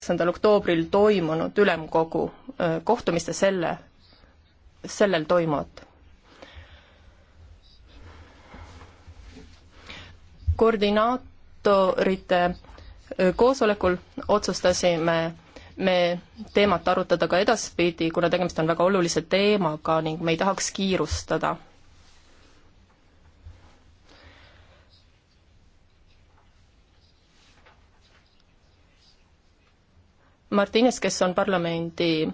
kaheksandal oktoobril toimunud ülemkogu kohtumist ja selle, sellel toimuvat. koordinaatorite koosolekul otsustasime me teemat arutada ka edaspidi, kuna tegemist on väga olulise teemaga ning me ei tahaks kiirustada Martines, kes on parlamendi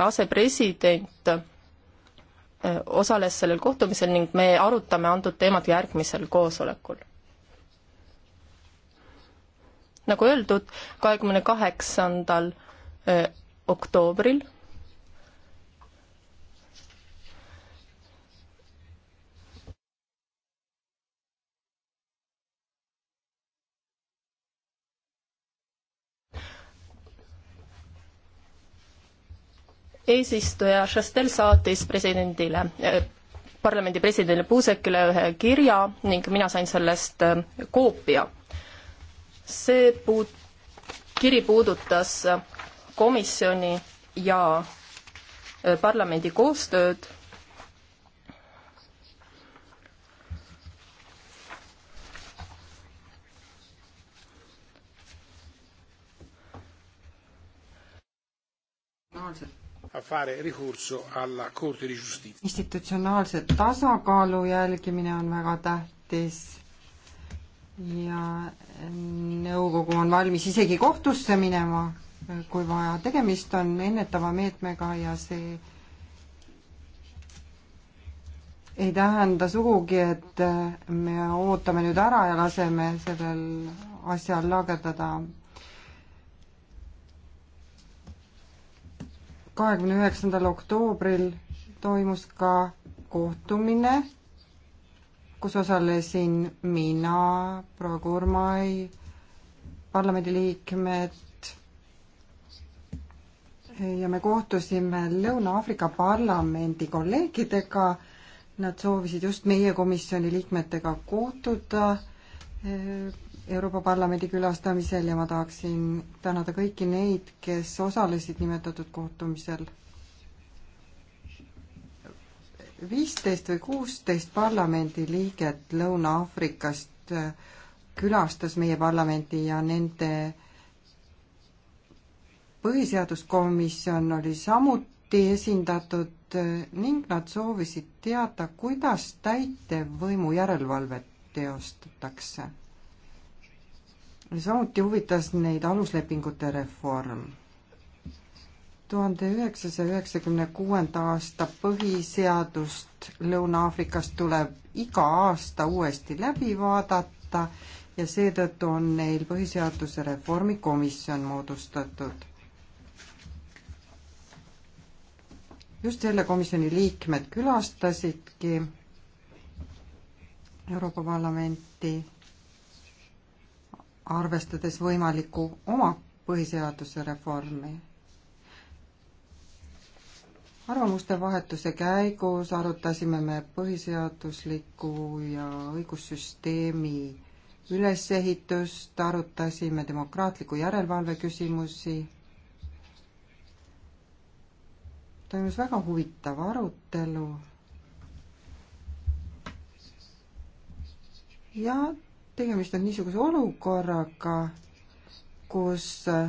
asepresident, äh, osales sellel kohtumisel ning me arutame antud teemat järgmisel koosolekul. nagu öeldud, kahekümne kaheksandal äh, oktoobril eesistuja Šastel saatis presidendile eh, parlamendi presidendile Puusekile ühe kirja ning mina sain sellest eh, koopia. see puud-, kiri puudutas komisjoni ja eh, parlamendi koostööd normaalselt institutsionaalse tasakaalu jälgimine on väga tähtis ja nõukogu on valmis isegi kohtusse minema, kui vaja. tegemist on ennetava meetmega ja see ei tähenda sugugi, et me ootame nüüd ära ja laseme sellel asjal lagerdada kahekümne üheksandal oktoobril toimus ka kohtumine, kus osalesin mina, proua Kurmai, parlamendiliikmed ja me kohtusime Lõuna-Aafrika Parlamendi kolleegidega. Nad soovisid just meie komisjoni liikmetega kohtuda Euroopa Parlamendi külastamisel ja ma tahaksin tänada kõiki neid, kes osalesid nimetatud kohtumisel. viisteist või kuusteist parlamendiliiget Lõuna-Aafrikast äh, külastas meie parlamendi ja nende põhiseaduskomisjon oli samuti esindatud äh, ning nad soovisid teada, kuidas täitevvõimu järelevalvet teostatakse samuti huvitas neid aluslepingute reform. tuhande üheksasaja üheksakümne kuuenda aasta põhiseadust Lõuna-Aafrikast tuleb iga aasta uuesti läbi vaadata ja seetõttu on neil põhiseaduse reformikomisjon moodustatud. just selle komisjoni liikmed külastasidki Euroopa Parlamenti arvestades võimalikku oma põhiseaduse reformi. arvamuste vahetuse käigus arutasime me põhiseadusliku ja õigussüsteemi ülesehitust, arutasime demokraatliku järelevalve küsimusi. toimus väga huvitav arutelu. ja tegemist on niisuguse olukorraga, kus äh,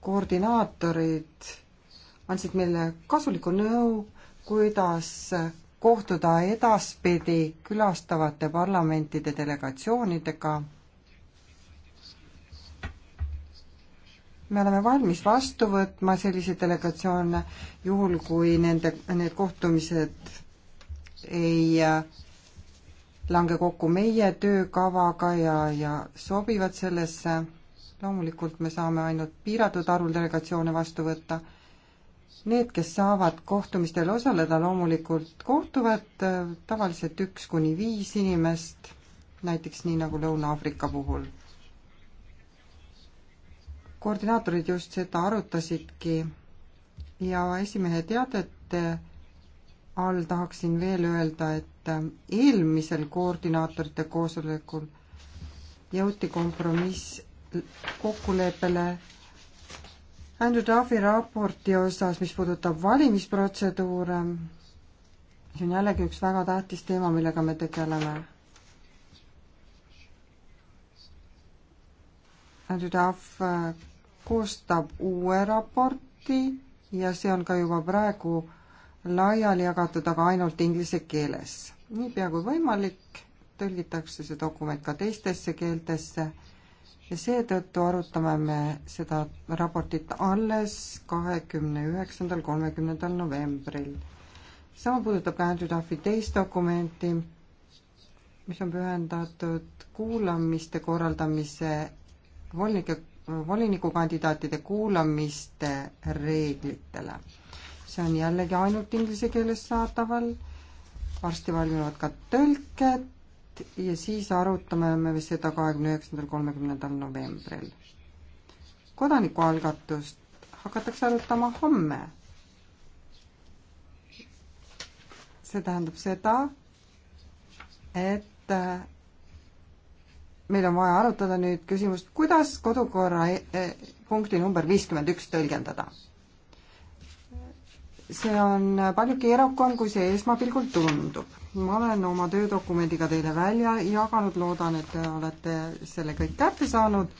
koordinaatorid andsid meile kasuliku nõu, kuidas kohtuda edaspidi külastavate parlamentide delegatsioonidega. me oleme valmis vastu võtma selliseid delegatsioone, juhul kui nende, need kohtumised ei äh, lange kokku meie töökavaga ja, ja sobivad sellesse. loomulikult me saame ainult piiratud arvul delegatsioone vastu võtta. Need, kes saavad kohtumistel osaleda, loomulikult kohtuvad äh, tavaliselt üks kuni viis inimest, näiteks nii nagu Lõuna-Aafrika puhul. koordinaatorid just seda arutasidki ja esimehe teadet all tahaksin veel öelda, et et ähm, eelmisel koordinaatorite koosolekul jõuti kompromiss kokkuleppele Andrew Duffy raporti osas, mis puudutab valimisprotseduure. see on jällegi üks väga tähtis teema, millega me tegeleme. Andrew Duff äh, koostab uue raporti ja see on ka juba praegu äh, laiali jagatud, aga ainult inglise keeles. niipea kui võimalik, tõlgitakse see dokument ka teistesse keeltesse ja seetõttu arutame me seda raportit alles kahekümne üheksandal, kolmekümnendal novembril. sama puudutab ka Andrew Duffy teist dokumenti, mis on pühendatud kuulamiste korraldamise volinike, volinikukandidaatide kuulamiste reeglitele see on jällegi ainult inglise keeles saadaval, varsti valmivad ka tõlked ja siis arutame me seda kahekümne üheksandal, kolmekümnendal novembril. kodanikualgatust hakatakse arutama homme. see tähendab seda, et meil on vaja arutada nüüd küsimust, kuidas kodukorra eh, eh, punkti number viiskümmend üks tõlgendada see on palju keerukam, kui see esmapilgul tundub. ma olen oma töödokumendiga teile välja jaganud, loodan, et te olete selle kõik kätte saanud.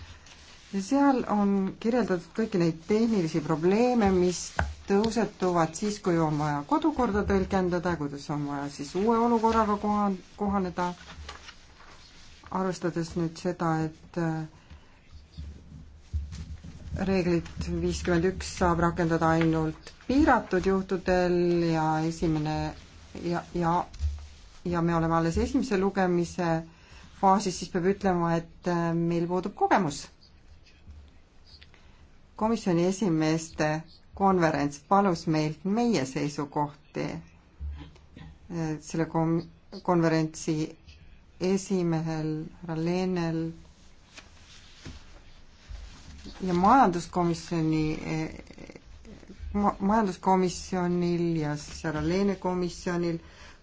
ja seal on kirjeldatud kõiki neid tehnilisi probleeme, mis tõusetuvad siis, kui on vaja kodukorda tõlgendada, kuidas on vaja siis uue olukorraga kohan-, kohaneda, arvestades nüüd seda, et äh, reeglit viiskümmend üks saab rakendada ainult piiratud juhtudel ja esimene ja, ja, ja me oleme alles esimese lugemise faasis, siis peab ütlema, et äh, meil puudub kogemus. komisjoni esimeeste konverents palus meilt meie seisukohti äh, selle kom-, konverentsi esimehel härra Leenel ja majanduskomisjoni eh, ma-, majanduskomisjonil ja siis härra Leene komisjonil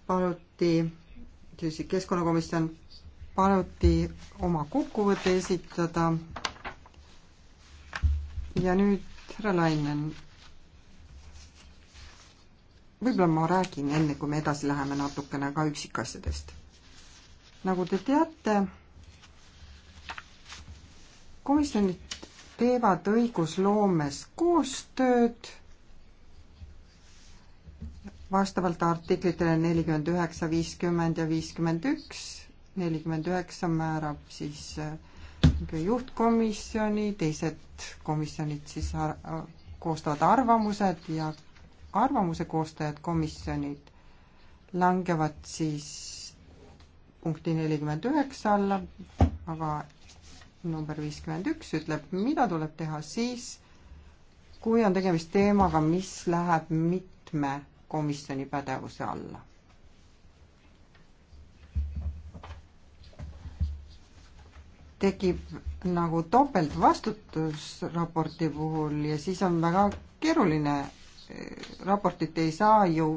paluti, siis keskkonnakomisjon paluti oma kokkuvõte esitada. ja nüüd härra Lainen. võib-olla ma räägin enne, kui me edasi läheme natukene ka üksikasjadest. nagu te teate, komisjonid teevad õigusloomes koostööd vastavalt artiklitele nelikümmend üheksa, viiskümmend ja viiskümmend üks. nelikümmend üheksa määrab siis äh, juhtkomisjoni, teised komisjonid siis ar koostavad arvamused ja arvamuse koostajad, komisjonid langevad siis punkti nelikümmend üheksa alla, aga number viiskümmend üks ütleb, mida tuleb teha siis, kui on tegemist teemaga, mis läheb mitme komisjoni pädevuse alla. tekib nagu topeltvastutus raporti puhul ja siis on väga keeruline, eh, raportit ei saa ju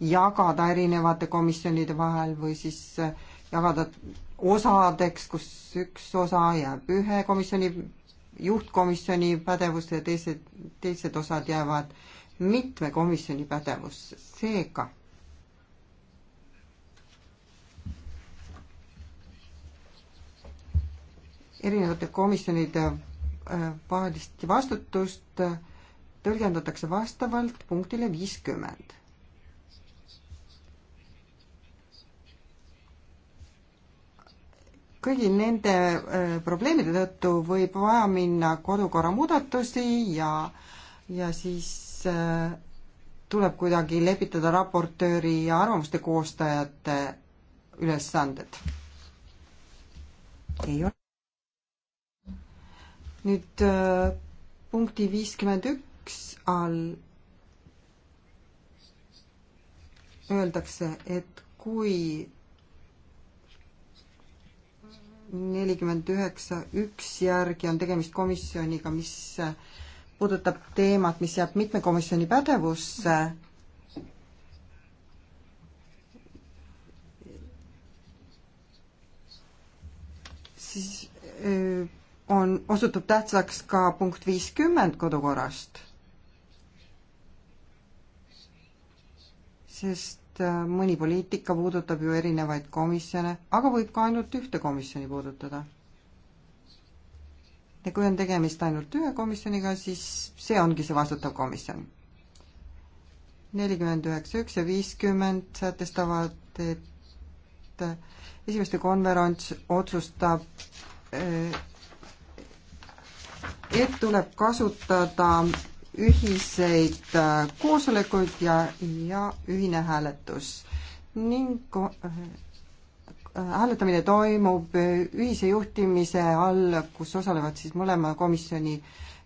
jagada erinevate komisjonide vahel või siis eh, jagada osadeks, kus üks osa jääb ühe komisjoni, juhtkomisjoni pädevusse ja teised, teised osad jäävad mitme komisjoni pädevusse, seega erinevate komisjonide äh, vahelist vastutust tõlgendatakse vastavalt punktile viiskümmend kõigi nende äh, probleemide tõttu võib vaja minna kodukorra muudatusi ja, ja siis äh, tuleb kuidagi lepitada raportööri ja arvamuste koostajate ülesanded. ei ole. nüüd äh, punkti viiskümmend üks all öeldakse, et kui nelikümmend üheksa üks järgi on tegemist komisjoniga, mis puudutab teemat, mis jääb mitme komisjoni pädevusse. siis on, osutub tähtsaks ka punkt viiskümmend kodukorrast. sest et äh, mõni poliitika puudutab ju erinevaid komisjone, aga võib ka ainult ühte komisjoni puudutada. ja kui on tegemist ainult ühe komisjoniga, siis see ongi see vastutav komisjon. nelikümmend üheksa üks ja viiskümmend sätestavad, et äh, esimeste konverents otsustab äh, et tuleb kasutada ühiseid äh, koosolekuid ja, ja ühine hääletus ning äh, äh, hääletamine toimub ühise juhtimise all, kus osalevad siis mõlema komisjoni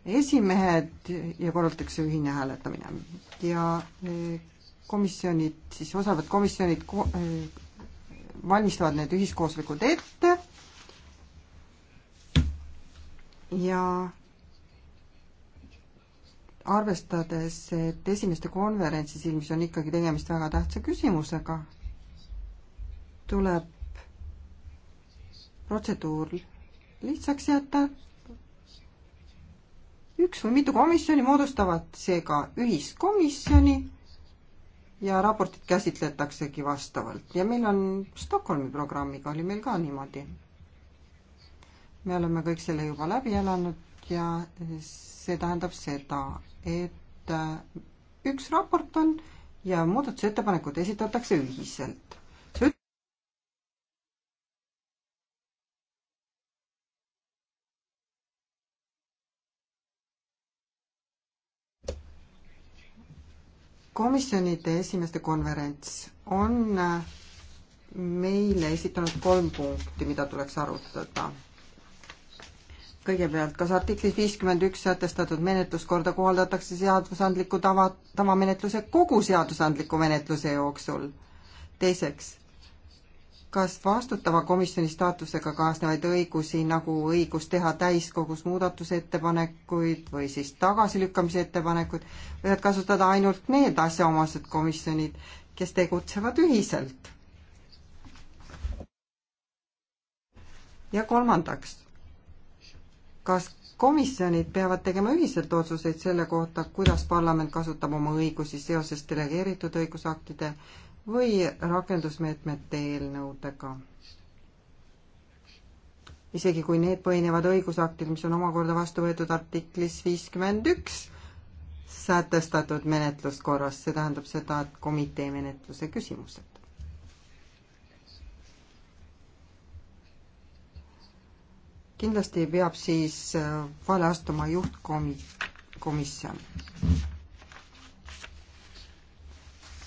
esimehed ja korraldatakse ühine hääletamine. ja komisjonid, siis osalevad komisjonid valmistavad need ühiskoosolekud ette ja arvestades, et esimeste konverentsi silmis on ikkagi tegemist väga tähtsa küsimusega, tuleb protseduur lihtsaks jätta. üks või mitu komisjoni moodustavad seega ühiskomisjoni ja raportit käsitletaksegi vastavalt ja meil on Stockholmi programmiga oli meil ka niimoodi. me oleme kõik selle juba läbi elanud, ja see tähendab seda, et üks raport on ja muudatusettepanekud esitatakse ühiselt. komisjonide esimeste konverents on meile esitanud kolm punkti, mida tuleks arutada kõigepealt, kas artiklis viiskümmend üks sätestatud menetluskorda kohaldatakse seadusandliku tava, tavamenetluse kogu seadusandliku menetluse jooksul? teiseks, kas vastutava komisjoni staatusega kaasnevaid õigusi, nagu õigus teha täiskogus muudatusettepanekuid või siis tagasilükkamise ettepanekuid, võivad kasutada ainult need asjaomased komisjonid, kes tegutsevad ühiselt? ja kolmandaks kas komisjonid peavad tegema ühiselt otsuseid selle kohta, kuidas parlament kasutab oma õigusi seoses delegeeritud õigusaktide või rakendusmeetmete eelnõudega? isegi kui need põhinevad õigusaktil, mis on omakorda vastu võetud artiklis viiskümmend üks sätestatud menetluskorras, see tähendab seda, et komitee menetluse küsimused. kindlasti peab siis äh, vale astuma juhtkomisjon.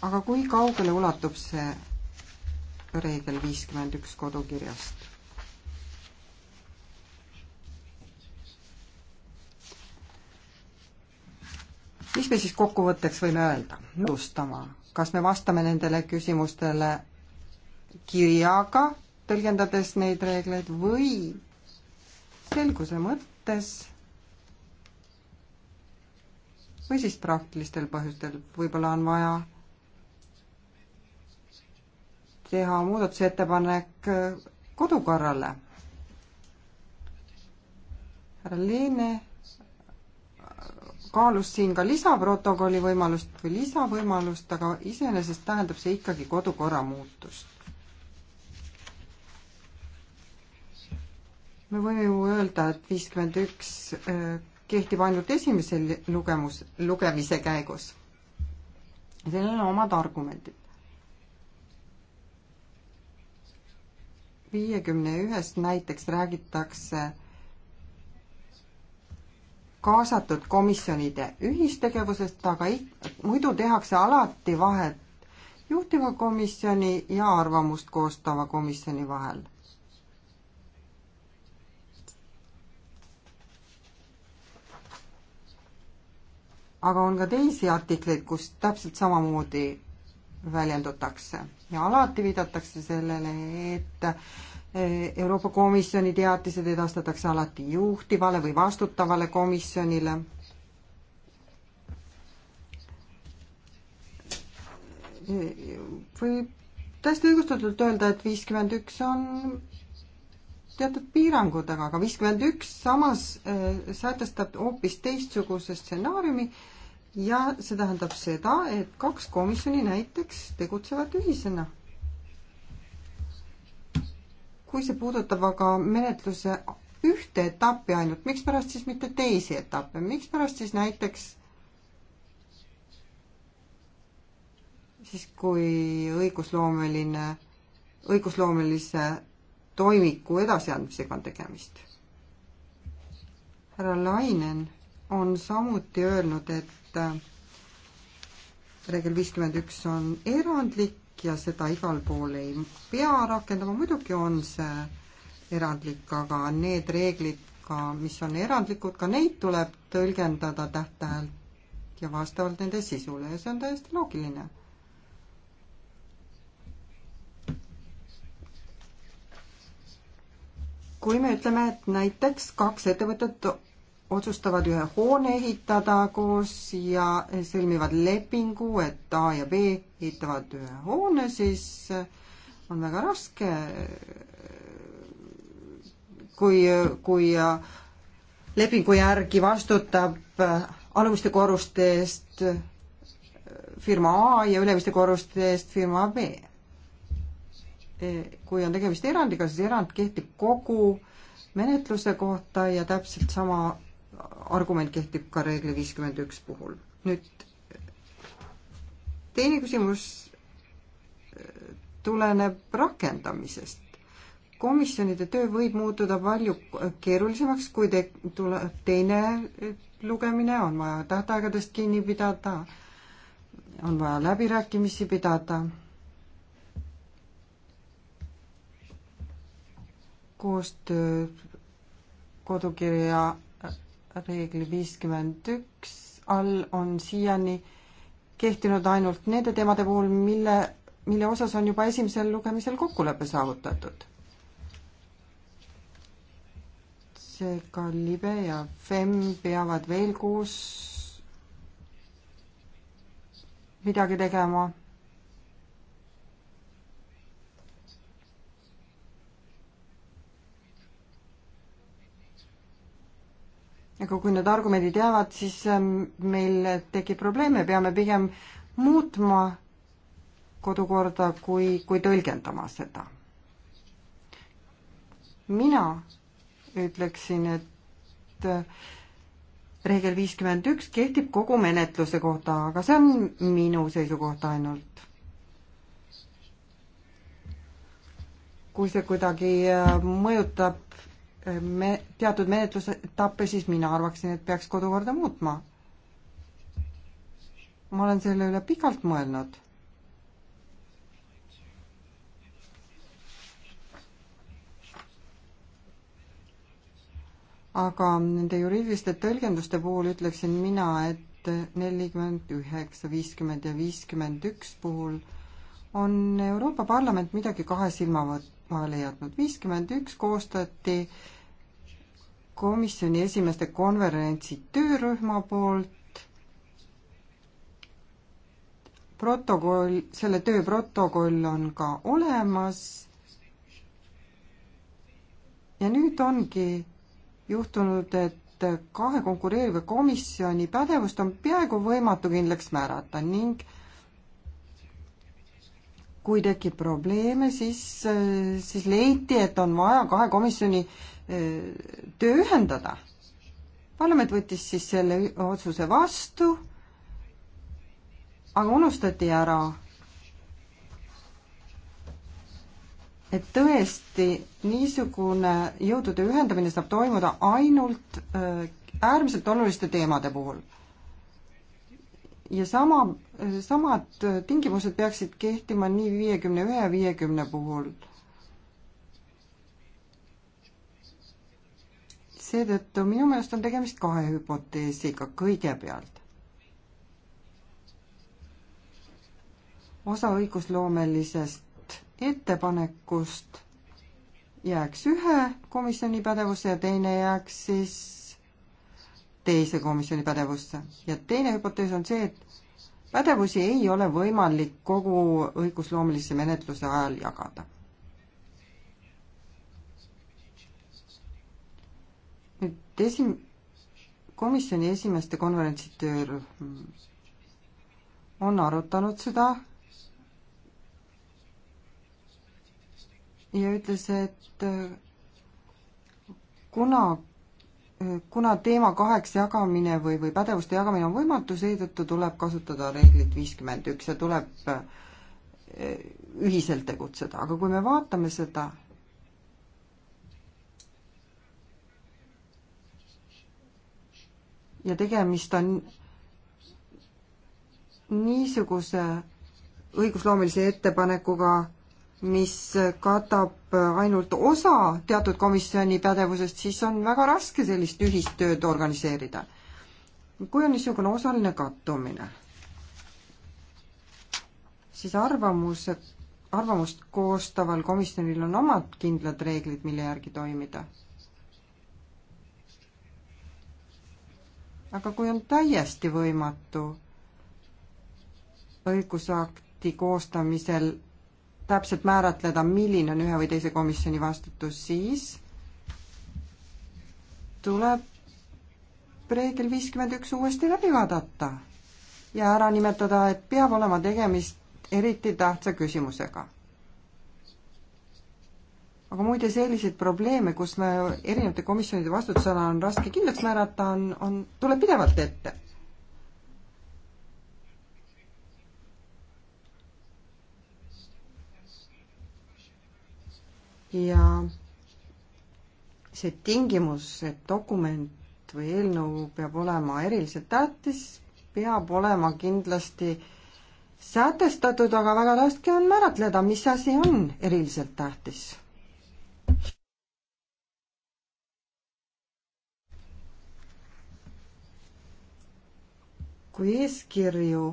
aga kui kaugele ulatub see reegel viiskümmend üks kodukirjast? mis me siis kokkuvõtteks võime öelda, nõustama, kas me vastame nendele küsimustele kirjaga, tõlgendades neid reegleid või selguse mõttes või siis praktilistel põhjustel, võib-olla on vaja teha muudatusettepanek kodukorrale. härra Leene kaalus siin ka lisaprotokolli võimalust või lisavõimalust, aga iseenesest tähendab see ikkagi kodukorra muutust. me võime ju öelda, et viiskümmend üks äh, kehtib ainult esimese lugemus, lugemise käigus. sellel on omad argumendid. viiekümne ühest näiteks räägitakse kaasatud komisjonide ühistegevusest, aga muidu tehakse alati vahet juhtiva komisjoni ja arvamust koostava komisjoni vahel aga on ka teisi artikleid, kus täpselt samamoodi väljendutakse ja alati viidatakse sellele, et e, Euroopa Komisjoni teatised edastatakse alati juhtivale või vastutavale komisjonile. E, võib täiesti õigustatult öelda, et viiskümmend üks on teatud piirangud, aga, aga viiskümmend üks samas äh, sätestab hoopis teistsuguse stsenaariumi ja see tähendab seda, et kaks komisjoni näiteks tegutsevad ühisena. kui see puudutab aga menetluse ühte etappi ainult, mikspärast siis mitte teisi etappe, mikspärast siis näiteks siis kui õigusloomeline, õigusloomelise toimiku edasiandmisega on tegemist. härra Lainen on samuti öelnud, et äh, reegel viiskümmend üks on erandlik ja seda igal pool ei pea rakendama, muidugi on see erandlik, aga need reeglid ka, mis on erandlikud, ka neid tuleb tõlgendada täht-tähelt ja vastavalt nende sisule ja see on täiesti loogiline kui me ütleme, et näiteks kaks ettevõtet otsustavad ühe hoone ehitada koos ja sõlmivad lepingu, et A ja B ehitavad ühe hoone, siis on väga raske, kui, kui lepingu järgi vastutab alumiste korruste eest firma A ja ülemiste korruste eest firma B kui on tegemist erandiga, siis erand kehtib kogu menetluse kohta ja täpselt sama argument kehtib ka reegli viiskümmend üks puhul. nüüd teine küsimus äh, tuleneb rakendamisest. komisjonide töö võib muutuda palju keerulisemaks, kui te, tule, teine lugemine, on vaja tähtaegadest kinni pidada, on vaja läbirääkimisi pidada koostöö kodukirja reegli viiskümmend üks all on siiani kehtinud ainult nende teemade puhul, mille, mille osas on juba esimesel lugemisel kokkulepe saavutatud. seega Libe ja FEM peavad veel koos midagi tegema kui need argumendid jäävad, siis ähm, meil tekib probleeme, peame pigem muutma kodukorda, kui, kui tõlgendama seda. mina ütleksin, et äh, reegel viiskümmend üks kehtib kogu menetluse kohta, aga see on minu seisukoht ainult. kui see kuidagi äh, mõjutab me, teatud menetlusetappe, siis mina arvaksin, et peaks kodukorda muutma. ma olen selle üle pikalt mõelnud. aga nende juriidiliste tõlgenduste puhul ütleksin mina, et nelikümmend üheksa, viiskümmend ja viiskümmend üks puhul on Euroopa Parlament midagi kahe silma vahele jätnud. viiskümmend üks koostati äh, komisjoni esimeste konverentsi töörühma poolt. protokoll, selle töö protokoll on ka olemas. ja nüüd ongi juhtunud, et kahe konkureeriva komisjoni pädevust on peaaegu võimatu kindlaks määrata ning kui tekib probleeme, siis, siis leiti, et on vaja kahe komisjoni töö ühendada. parlament võttis siis selle otsuse vastu, aga unustati ära, et tõesti niisugune jõudude ühendamine saab toimuda ainult äärmiselt oluliste teemade puhul. ja sama, samad tingimused peaksid kehtima nii viiekümne ühe ja viiekümne puhul seetõttu minu meelest on tegemist kahe hüpoteesiga kõigepealt. osa õigusloomelisest ettepanekust jääks ühe komisjoni pädevusse ja teine jääks siis teise komisjoni pädevusse. ja teine hüpotees on see, et pädevusi ei ole võimalik kogu õigusloomelise menetluse ajal jagada nüüd esim-, komisjoni esimeeste konverentsi töörühm on arutanud seda ja ütles, et äh, kuna, äh, kuna teema kaheks jagamine või, või pädevuste jagamine on võimatu, seetõttu tuleb kasutada reeglit viiskümmend üks ja tuleb äh, ühiselt tegutseda, aga kui me vaatame seda ja tegemist on niisuguse õigusloomelise ettepanekuga, mis katab ainult osa teatud komisjoni pädevusest, siis on väga raske sellist ühist tööd organiseerida. kui on niisugune osaline kattumine, siis arvamuse, arvamust koostaval komisjonil on omad kindlad reeglid, mille järgi toimida aga kui on täiesti võimatu õigusakti koostamisel täpselt määratleda, milline on ühe või teise komisjoni vastutus, siis tuleb reegel viiskümmend üks uuesti läbi vaadata ja ära nimetada, et peab olema tegemist eriti tähtsa küsimusega aga muide, selliseid probleeme, kus me erinevate komisjonide vastutusala on raske kindlaks määrata, on, on, tuleb pidevalt ette. ja see tingimus, et dokument või eelnõu peab olema eriliselt tähtis, peab olema kindlasti sätestatud, aga väga raske on määratleda, mis asi on eriliselt tähtis kui eeskirju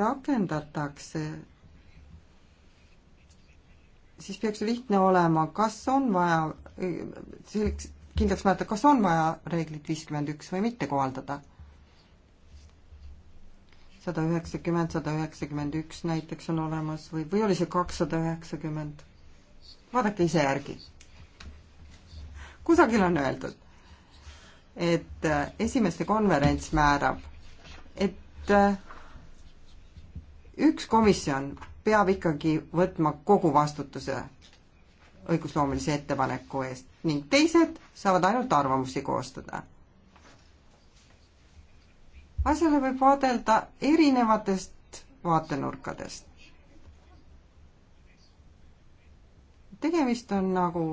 rakendatakse, siis peaks lihtne olema, kas on vaja selleks kindlaks määrata, kas on vaja reeglit viiskümmend üks või mitte kohaldada. sada üheksakümmend, sada üheksakümmend üks näiteks on olemas või, või oli see kakssada üheksakümmend? vaadake ise järgi. kusagil on öeldud, et äh, esimeste konverents määrab et äh, üks komisjon peab ikkagi võtma kogu vastutuse õigusloomelise ettepaneku eest ning teised saavad ainult arvamusi koostada. asjale võib vaadelda erinevatest vaatenurkadest. tegemist on nagu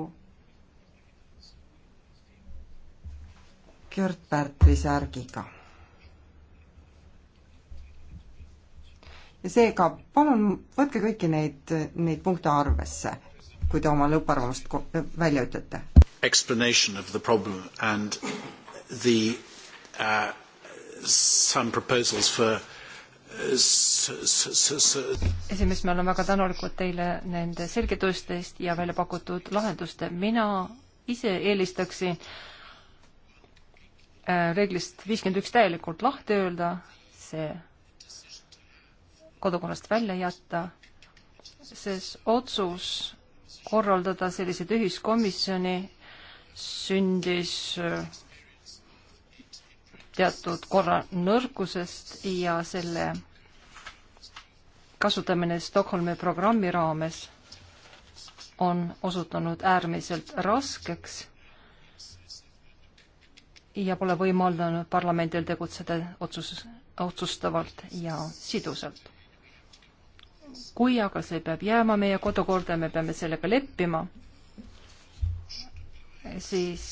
Gerd Pärtli särgiga seega palun võtke kõiki neid, neid punkte arvesse, kui te oma lõpparvamust välja ütlete. Explanation of the problem and the uh, some proposals for uh, esimest, me oleme väga tänulikud teile nende selgitustest ja välja pakutud lahenduste. mina ise eelistaksin äh, reeglist viiskümmend üks täielikult lahti öelda, see kodukonnast välja jätta, sest otsus korraldada selliseid ühiskomisjoni sündis äh, teatud korra nõrkusest ja selle kasutamine Stockholmi programmi raames on osutunud äärmiselt raskeks ja pole võimaldanud parlamendil tegutseda otsus, otsustavalt ja sidusalt kui aga see peab jääma meie kodukorda, me peame sellega leppima, siis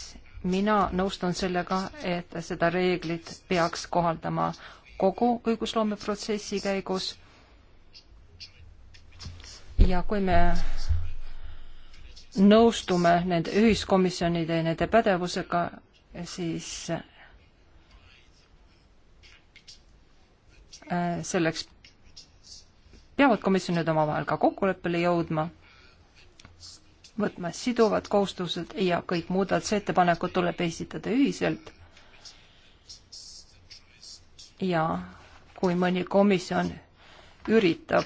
mina nõustun sellega, et seda reeglit peaks kohaldama kogu õigusloomeprotsessi käigus. ja kui me nõustume nende ühiskomisjonide ja nende pädevusega, siis äh, selleks peavad komisjonid omavahel ka kokkuleppele jõudma, võtma siduvad kohustused ja kõik muudatusettepanekud tuleb esitada ühiselt. ja kui mõni komisjon üritab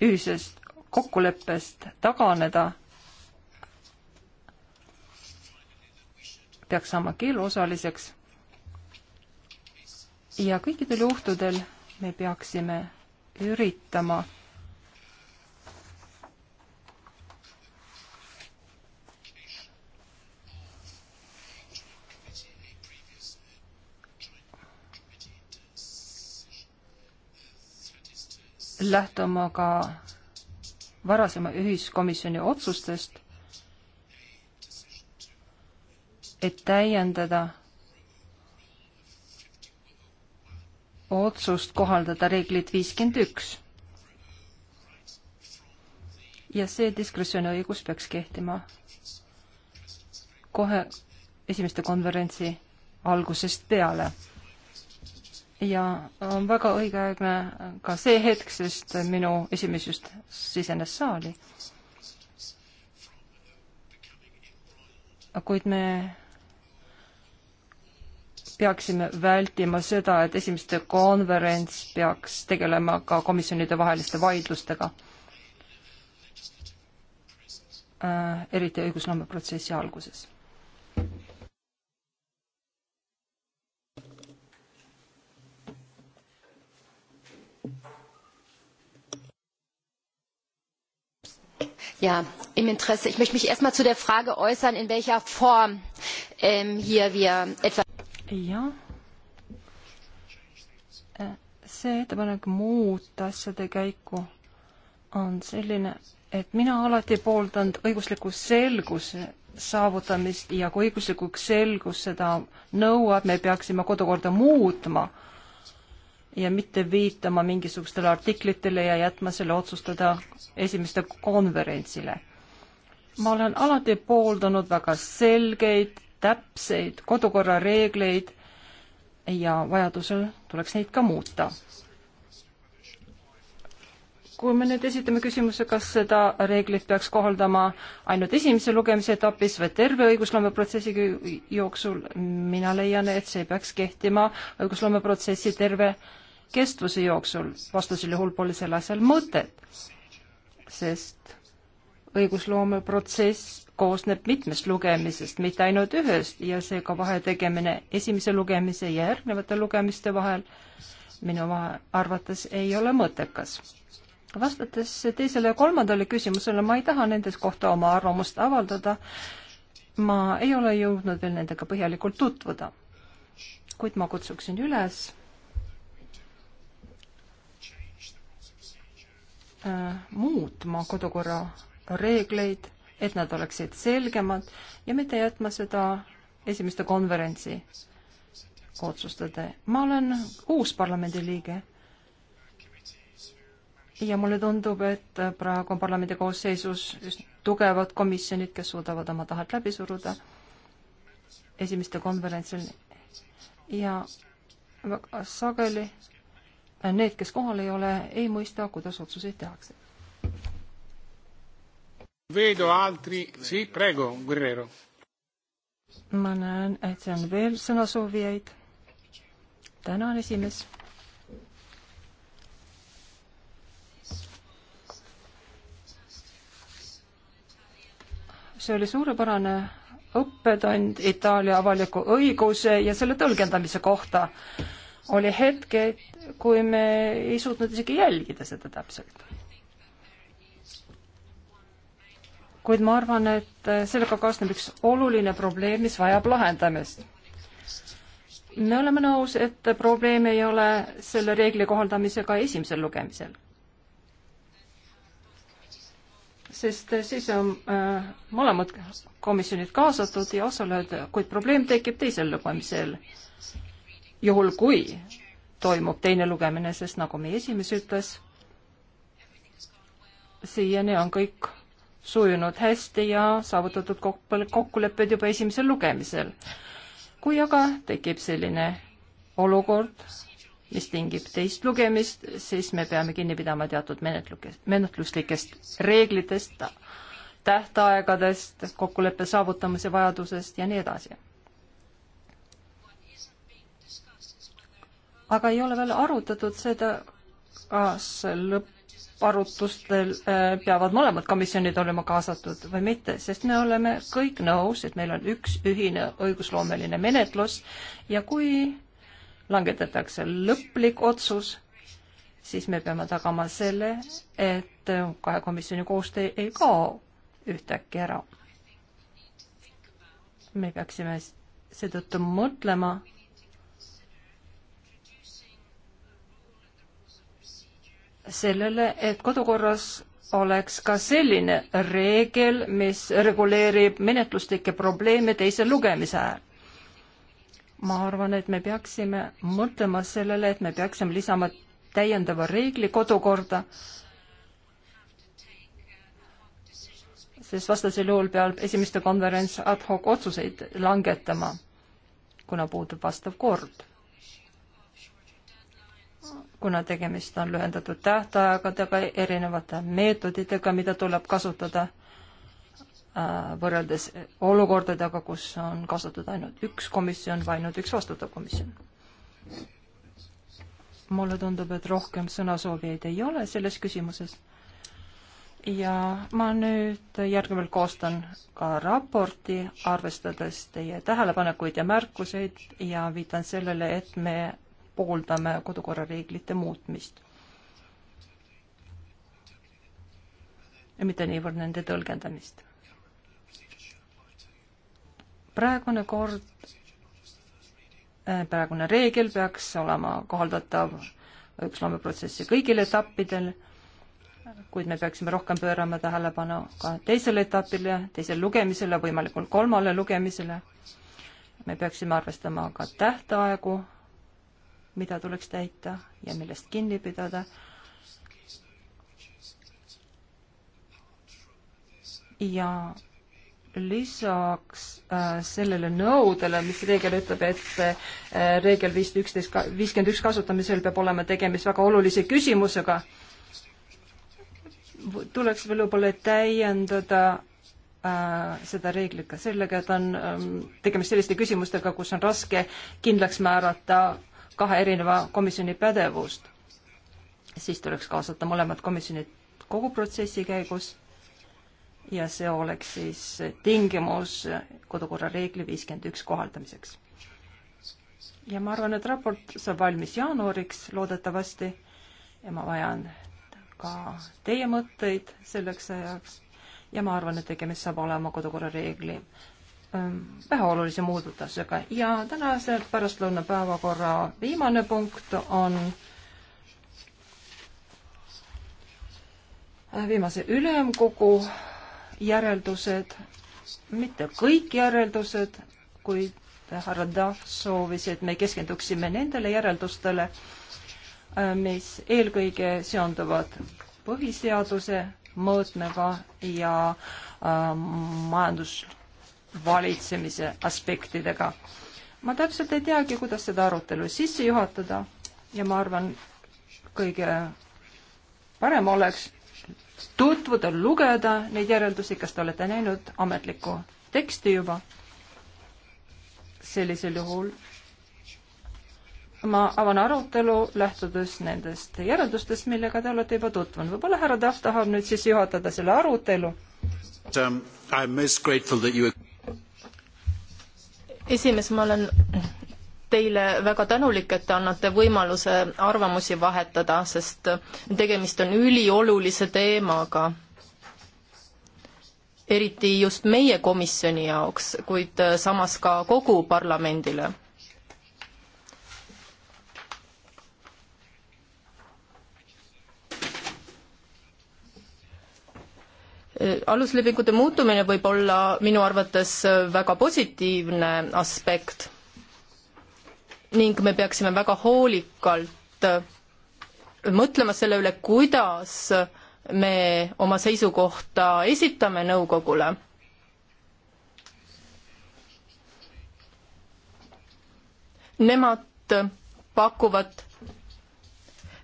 ühisest kokkuleppest taganeda, peaks saama keeleosaliseks. ja kõikidel juhtudel me peaksime üritama lähtuma ka varasema ühiskomisjoni otsustest, et täiendada otsust kohaldada reeglit viiskümmend üks. ja see diskretsiooniõigus peaks kehtima kohe esimeste konverentsi algusest peale. ja on väga õigeaegne ka see hetk, sest minu esimees just sisenes saali. kuid me peaksime vältima seda, et esimeste konverents peaks tegelema ka komisjonide vaheliste vaidlustega äh,. eriti õigusloome protsessi alguses. ja im interesse ich möchte mich erst einmal zu der frage äußern in welcher form ähm, hier wir etwa jah äh, see ettepanek muuta asjade käiku on selline, et mina alati pooldanud õigusliku selguse saavutamist ja kui õiguslikuks selgus seda nõuab, me peaksime kodukorda muutma ja mitte viitama mingisugustele artiklitele ja jätma selle otsustada esimeste konverentsile. ma olen alati pooldanud väga selgeid täpseid kodukorrareegleid ja vajadusel tuleks neid ka muuta. kui me nüüd esitame küsimuse, kas seda reeglit peaks kohaldama ainult esimese lugemise etapis või terve õigusloomeprotsessi jooksul, mina leian, et see peaks kehtima õigusloomeprotsessi terve kestvuse jooksul, vastasel juhul pole sellel asjal mõtet, sest õigusloomeprotsess koosneb mitmest lugemisest, mitte ainult ühest ja seega vahetegemine esimese lugemise ja järgnevate lugemiste vahel minu arvates ei ole mõttekas. vastates teisele ja kolmandale küsimusele, ma ei taha nendes kohta oma arvamust avaldada. ma ei ole jõudnud veel nendega põhjalikult tutvuda. kuid ma kutsuksin üles äh, muutma kodukorra reegleid, et nad oleksid selgemad ja mitte jätma seda esimeste konverentsi otsustada. ma olen uus parlamendiliige ja mulle tundub, et praegu on parlamendi koosseisus tugevad komisjonid, kes suudavad oma tahet läbi suruda esimeste konverentsil ja sageli need, kes kohal ei ole, ei mõista, kuidas otsuseid tehakse. Vedo altri, si, prego, Guerrero. ma näen, et seal on veel sõnasoovijaid. tänan, esimees. see oli suurepärane õppetund Itaalia avaliku õiguse ja selle tõlgendamise kohta. oli hetked, kui me ei suutnud isegi jälgida seda täpselt kuid ma arvan, et äh, sellega kaasneb üks oluline probleem, mis vajab lahendamist. me oleme nõus, et probleem ei ole selle reegli kohaldamisega esimesel lugemisel. sest äh, siis on äh, mõlemad komisjonid kaasatud ja osalejad, kuid probleem tekib teisel lugemisel. juhul kui toimub teine lugemine, sest nagu meie esimees ütles, siiani on kõik sujunud hästi ja saavutatud kokkulepped juba esimesel lugemisel. kui aga tekib selline olukord, mis tingib teist lugemist, siis me peame kinni pidama teatud menetluslikest, menetluslikest reeglitest, tähtaegadest, kokkuleppe saavutamise vajadusest ja nii edasi. aga ei ole veel arutatud seda, kas lõpp arutlustel äh, peavad mõlemad komisjonid olema kaasatud või mitte, sest me oleme kõik nõus, et meil on üks ühine õigusloomeline menetlus ja kui langetatakse lõplik otsus, siis me peame tagama selle, et kahe komisjoni koostöö ei kao ühtäkki ära. me peaksime seetõttu mõtlema sellele, et kodukorras oleks ka selline reegel, mis reguleerib menetluslikke probleeme teise lugemise ajal. ma arvan, et me peaksime mõtlema sellele, et me peaksime lisama täiendava reegli kodukorda, sest vastasel juhul peab esimeste konverents ad hoc otsuseid langetama, kuna puudub vastav kord kuna tegemist on lühendatud tähtaegadega, erinevate meetoditega, mida tuleb kasutada äh, võrreldes olukordadega, kus on kasutatud ainult üks komisjon või ainult üks vastutav komisjon. mulle tundub, et rohkem sõnasoovijaid ei ole selles küsimuses. ja ma nüüd järgnevalt koostan ka raporti, arvestades teie tähelepanekuid ja märkuseid ja viitan sellele, et me pooldame kodukorrareeglite muutmist. ja mitte niivõrd nende tõlgendamist. praegune kord, eh, praegune reegel peaks olema kohaldatav õigusloomeprotsessi kõigil etappidel, kuid me peaksime rohkem pöörama tähelepanu ka teisele etapile, teisele lugemisele, võimalikult kolmale lugemisele me peaksime arvestama ka tähtaegu mida tuleks täita ja millest kinni pidada. ja lisaks äh, sellele nõudele, mis reegel ütleb, et äh, reegel viis üksteist, viiskümmend üks kasutamisel peab olema tegemist väga olulise küsimusega, tuleks veel võib-olla täiendada äh, seda reeglit ka sellega, et on ähm, tegemist selliste küsimustega, kus on raske kindlaks määrata kahe erineva komisjoni pädevust, siis tuleks kaasata mõlemad komisjonid kogu protsessi käigus ja see oleks siis tingimus kodukorra reegli viiskümmend üks kohaldamiseks. ja ma arvan, et raport saab valmis jaanuariks loodetavasti ja ma vajan ka teie mõtteid selleks ajaks ja ma arvan, et tegemist saab olema kodukorra reegli Ähm, väheolulise muudatusega ja tänase pärastlõuna päevakorra viimane punkt on äh, viimase ülemkogu järeldused, mitte kõik järeldused, kuid härra Duff soovis, et me keskenduksime nendele järeldustele, äh, mis eelkõige seonduvad põhiseaduse mõõtmega ja äh, majandus- valitsemise aspektidega. ma täpselt ei teagi, kuidas seda arutelu sisse juhatada ja ma arvan, kõige parem oleks tutvuda, lugeda neid järeldusi, kas te olete näinud ametlikku teksti juba. sellisel juhul ma avan arutelu lähtudes nendest järeldustest, millega te olete juba tutvunud. võib-olla härra Tahv tahab nüüd siis juhatada selle arutelu um,. You esimees, ma olen teile väga tänulik, et te annate võimaluse arvamusi vahetada, sest tegemist on üliolulise teemaga. eriti just meie komisjoni jaoks, kuid samas ka kogu parlamendile. aluslepingute muutumine võib olla minu arvates väga positiivne aspekt ning me peaksime väga hoolikalt mõtlema selle üle, kuidas me oma seisukohta esitame nõukogule. Nemad pakuvad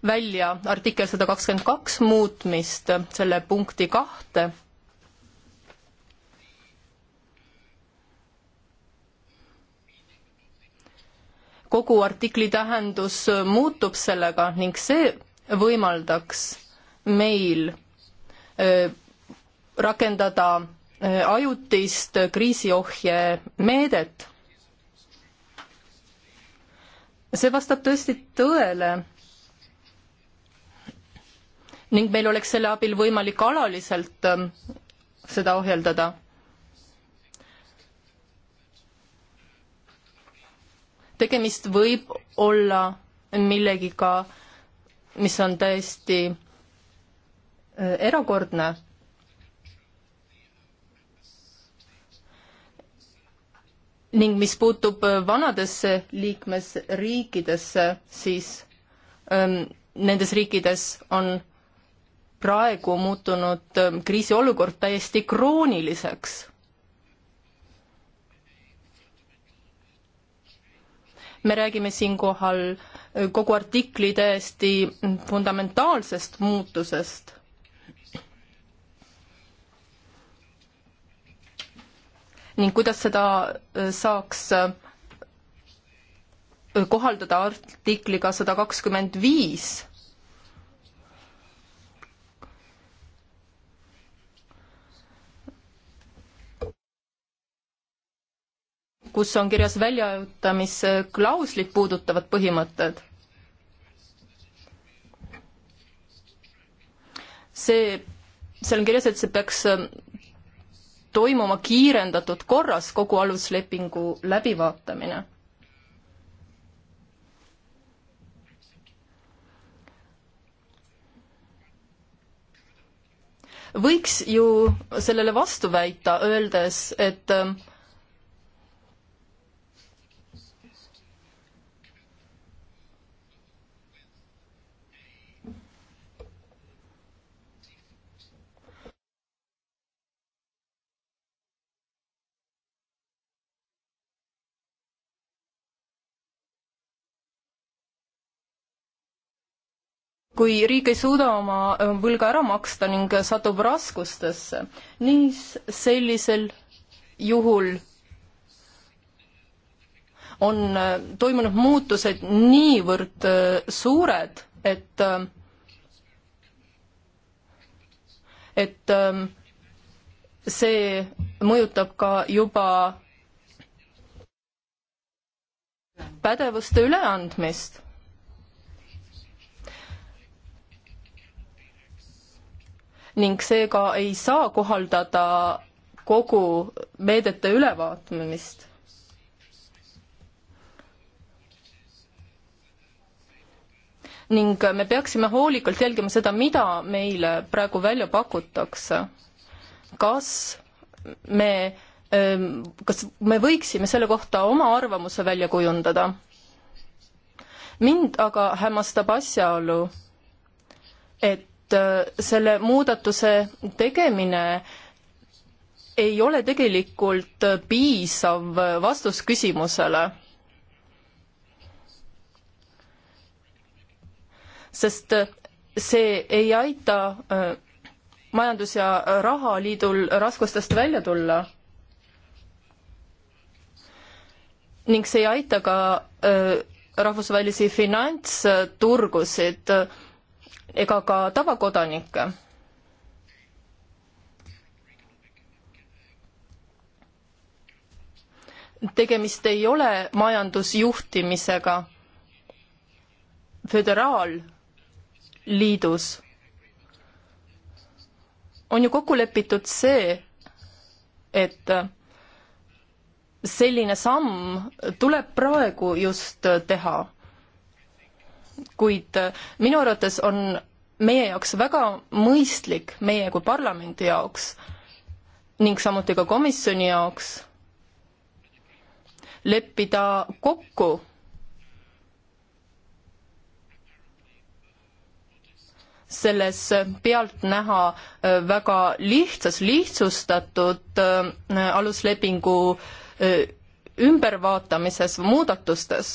välja artikkel sada kakskümmend kaks muutmist, selle punkti kahte kogu artikli tähendus muutub sellega ning see võimaldaks meil rakendada ajutist kriisiohje meedet. see vastab tõesti tõele ning meil oleks selle abil võimalik alaliselt seda ohjeldada tegemist võib olla millegiga, mis on täiesti äh, erakordne. ning mis puutub äh, vanadesse liikmesriikidesse, siis ähm, nendes riikides on praegu muutunud ähm, kriisiolukord täiesti krooniliseks me räägime siinkohal äh, kogu artikli täiesti fundamentaalsest muutusest. ning kuidas seda äh, saaks äh, kohaldada artikliga sada kakskümmend viis kus on kirjas väljaõutamisklauslit puudutavad põhimõtted. see, seal on kirjas, et see peaks toimuma kiirendatud korras, kogu aluslepingu läbivaatamine. võiks ju sellele vastu väita, öeldes, et äh, kui riik ei suuda oma äh, võlga ära maksta ning satub raskustesse, nii sellisel juhul on äh, toimunud muutused niivõrd äh, suured, et et see mõjutab ka juba pädevuste üleandmist ning seega ei saa kohaldada kogu meedete ülevaatamist. ning me peaksime hoolikalt jälgima seda, mida meile praegu välja pakutakse. kas me, ähm, kas me võiksime selle kohta oma arvamuse välja kujundada? mind aga hämmastab asjaolu, et Äh, selle muudatuse tegemine ei ole tegelikult piisav vastus küsimusele. sest äh, see ei aita äh, majandus- ja rahaliidul raskustest välja tulla. ning see ei aita ka rahvusvahelisi finantsturgusid ega ka tavakodanikke. tegemist ei ole majandusjuhtimisega föderaalliidus. on ju kokku lepitud see, et selline samm tuleb praegu just teha kuid äh, minu arvates on meie jaoks väga mõistlik, meie kui parlamendi jaoks ning samuti ka komisjoni jaoks, leppida kokku selles pealtnäha äh, väga lihtsas, lihtsustatud äh, aluslepingu ümbervaatamises, muudatustes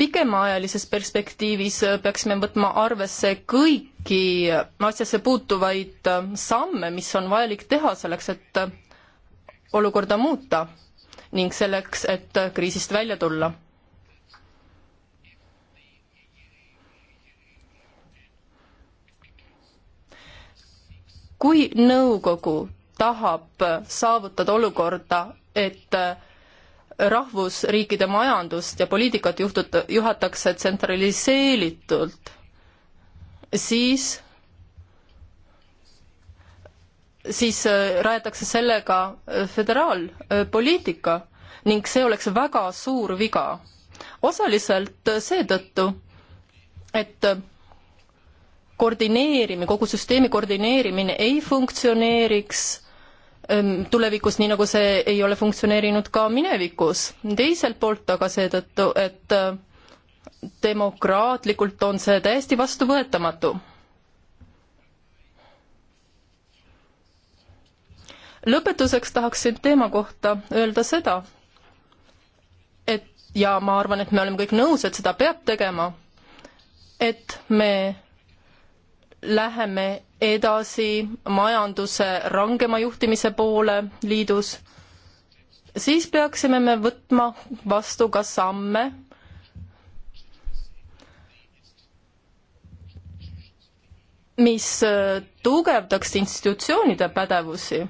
pikemaajalises perspektiivis äh, peaksime võtma arvesse kõiki asjasse puutuvaid äh, samme, mis on vajalik teha selleks, et äh, olukorda muuta ning selleks, et kriisist välja tulla. kui nõukogu tahab saavutada olukorda, et rahvusriikide majandust ja poliitikat juhtut-, juhatakse tsentraliseeritult, siis, siis äh, rajatakse sellega äh, föderaalpoliitika äh, ning see oleks väga suur viga. osaliselt seetõttu, et koordineerimine, kogu süsteemi koordineerimine ei funktsioneeriks Äh, tulevikus, nii nagu see ei ole funktsioneerinud ka minevikus. teiselt poolt aga seetõttu, et äh, demokraatlikult on see täiesti vastuvõetamatu lõpetuseks tahaksin teema kohta öelda seda, et ja ma arvan, et me oleme kõik nõus, et seda peab tegema, et me läheme edasi majanduse rangema juhtimise poole liidus, siis peaksime me võtma vastu ka samme, mis tugevdaks institutsioonide pädevusi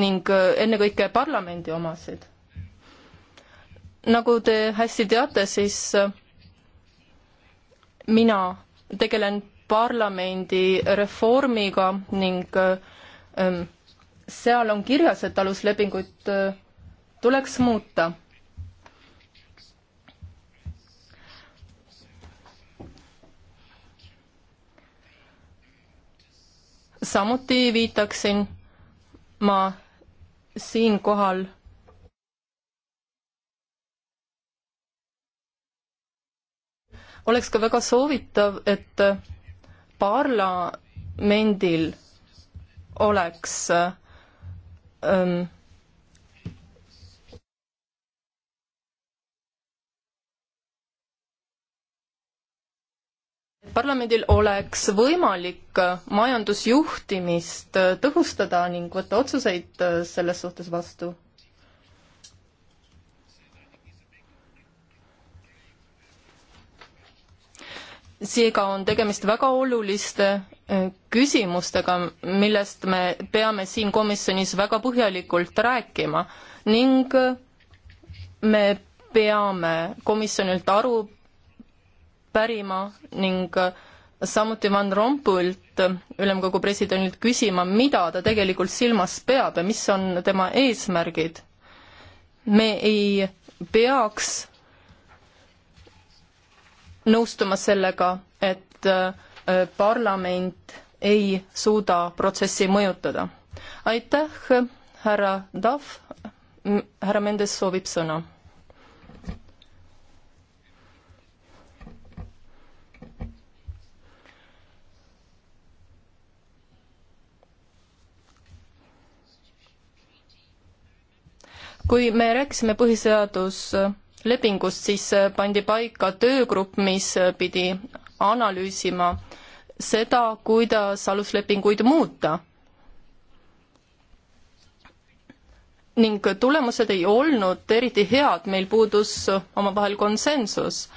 ning ennekõike parlamendi omasid. nagu te hästi teate, siis mina tegelen parlamendi reformiga ning äh, ähm, seal on kirjas, et aluslepingut äh, tuleks muuta. samuti viitaksin ma siinkohal oleks ka väga soovitav, et parlamendil oleks ähm, parlamendil oleks võimalik majandusjuhtimist tõhustada ning võtta otsuseid äh, selles suhtes vastu seega on tegemist väga oluliste äh, küsimustega, millest me peame siin komisjonis väga põhjalikult rääkima ning äh, me peame komisjonilt aru pärima ning äh, samuti Van Rompuylt, ülemkogu presidendilt küsima, mida ta tegelikult silmas peab ja mis on tema eesmärgid. me ei peaks nõustuma sellega, et äh, parlament ei suuda protsessi mõjutada. aitäh, härra Dav, härra Mendes soovib sõna. kui me rääkisime põhiseadus lepingust, siis äh, pandi paika töögrupp, mis äh, pidi analüüsima seda, kuidas aluslepinguid muuta. ning tulemused ei olnud eriti head, meil puudus omavahel konsensus.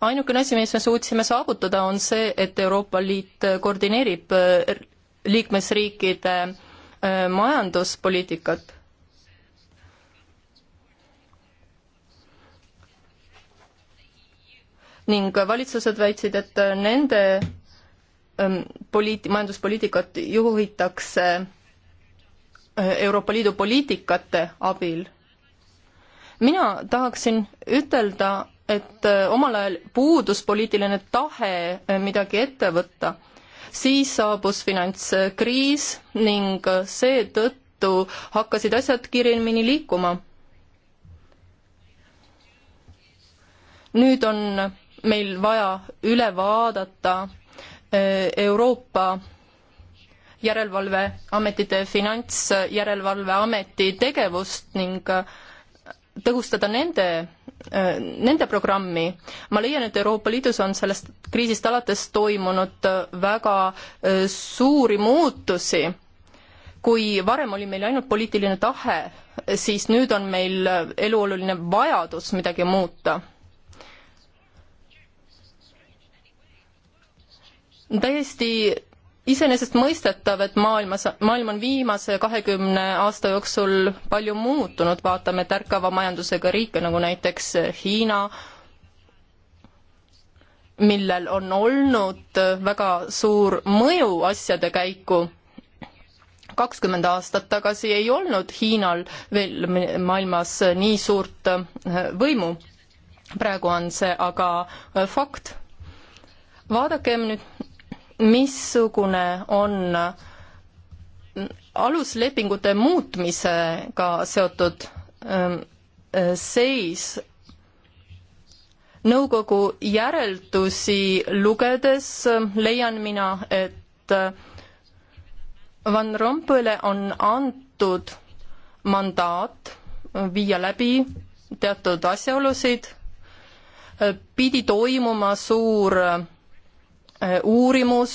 ainukene asi, mis me suutsime saavutada, on see, et Euroopa Liit koordineerib äh, liikmesriikide majanduspoliitikat ning valitsused väitsid, et nende ähm, poliit-, majanduspoliitikat juhitakse äh, Euroopa Liidu poliitikate abil. mina tahaksin ütelda, et äh, omal ajal puudus poliitiline tahe äh, midagi ette võtta. siis saabus finantskriis ning seetõttu hakkasid asjad kiiremini liikuma. nüüd on meil vaja üle vaadata eh, Euroopa järelevalveametite, Finantsjärelevalveameti tegevust ning eh, tõhustada nende, eh, nende programmi. ma leian, et Euroopa Liidus on sellest kriisist alates toimunud väga suuri muutusi. kui varem oli meil ainult poliitiline tahe, siis nüüd on meil eluoluline vajadus midagi muuta täiesti iseenesestmõistetav, et maailmas, maailm on viimase kahekümne aasta jooksul palju muutunud, vaatame tärkava majandusega riike nagu näiteks Hiina, millel on olnud väga suur mõju asjade käiku. kakskümmend aastat tagasi ei olnud Hiinal veel maailmas nii suurt äh, võimu. praegu on see aga äh, fakt. vaadakem nüüd missugune on aluslepingute muutmisega seotud ähm, äh, seis nõukogu järeldusi lugedes ähm, leian mina, et äh, Van Rompuy'le on antud mandaat viia läbi teatud asjaolusid, äh, pidi toimuma suur Äh, uurimus,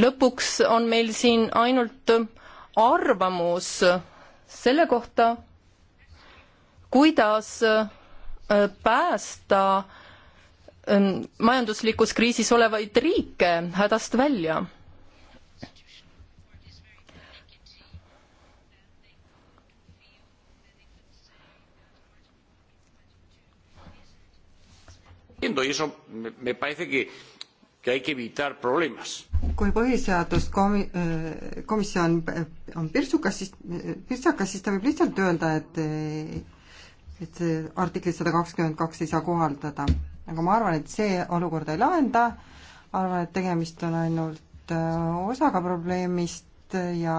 lõpuks on meil siin ainult arvamus selle kohta, kuidas äh, päästa ähm, majanduslikus kriisis olevaid riike hädast välja y eso me parece que, que hay que evitar problemas. kui põhiseaduskomi-, eh, komisjon eh, on pirtsukas, siis, eh, pirtsakas, siis ta võib lihtsalt öelda, et et see artiklit sada kakskümmend kaks ei saa kohaldada. aga ma arvan, et see olukorda ei lahenda, arvan, et tegemist on ainult osaga probleemist ja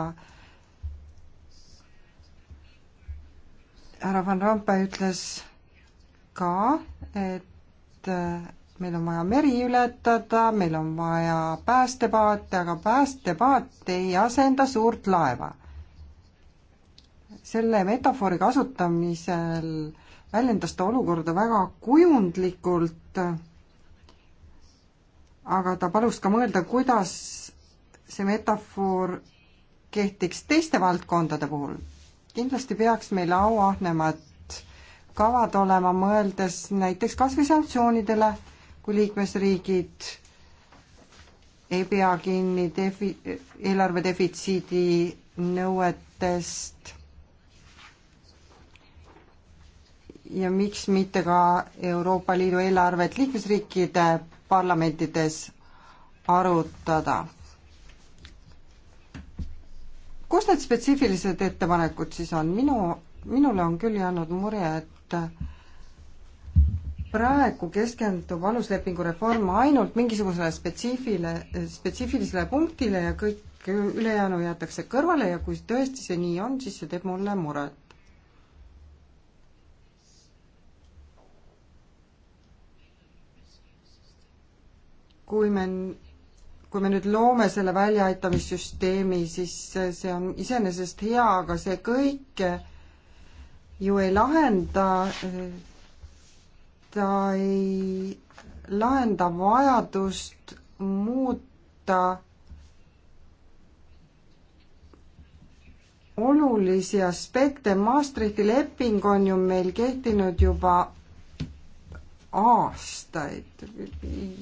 härra Van Rompuy ütles ka, et Äh, meil on vaja meri ületada, meil on vaja päästepaate, aga päästepaat ei asenda suurt laeva. selle metafoori kasutamisel väljendas ta olukorda väga kujundlikult, aga ta palus ka mõelda, kuidas see metafoor kehtiks teiste valdkondade puhul. kindlasti peaks meil auahnema kavad olema, mõeldes näiteks kas või sanktsioonidele, kui liikmesriigid ei pea kinni defi-, eelarve defitsiidi nõuetest ja miks mitte ka Euroopa Liidu eelarvet liikmesriikide parlamentides arutada. kus need spetsiifilised ettepanekud siis on, minu, minule on küll jäänud mure, et et praegu keskendub aluslepingu reform ainult mingisugusele spetsiifile, spetsiifilisele punktile ja kõik ülejäänu jäetakse kõrvale ja kui tõesti see nii on, siis see teeb mulle muret. kui me, kui me nüüd loome selle väljaaitamissüsteemi, siis see on iseenesest hea, aga see kõik ju ei lahenda, ta ei lahenda vajadust muuta olulisi aspekte. Maastrichti leping on ju meil kehtinud juba aastaid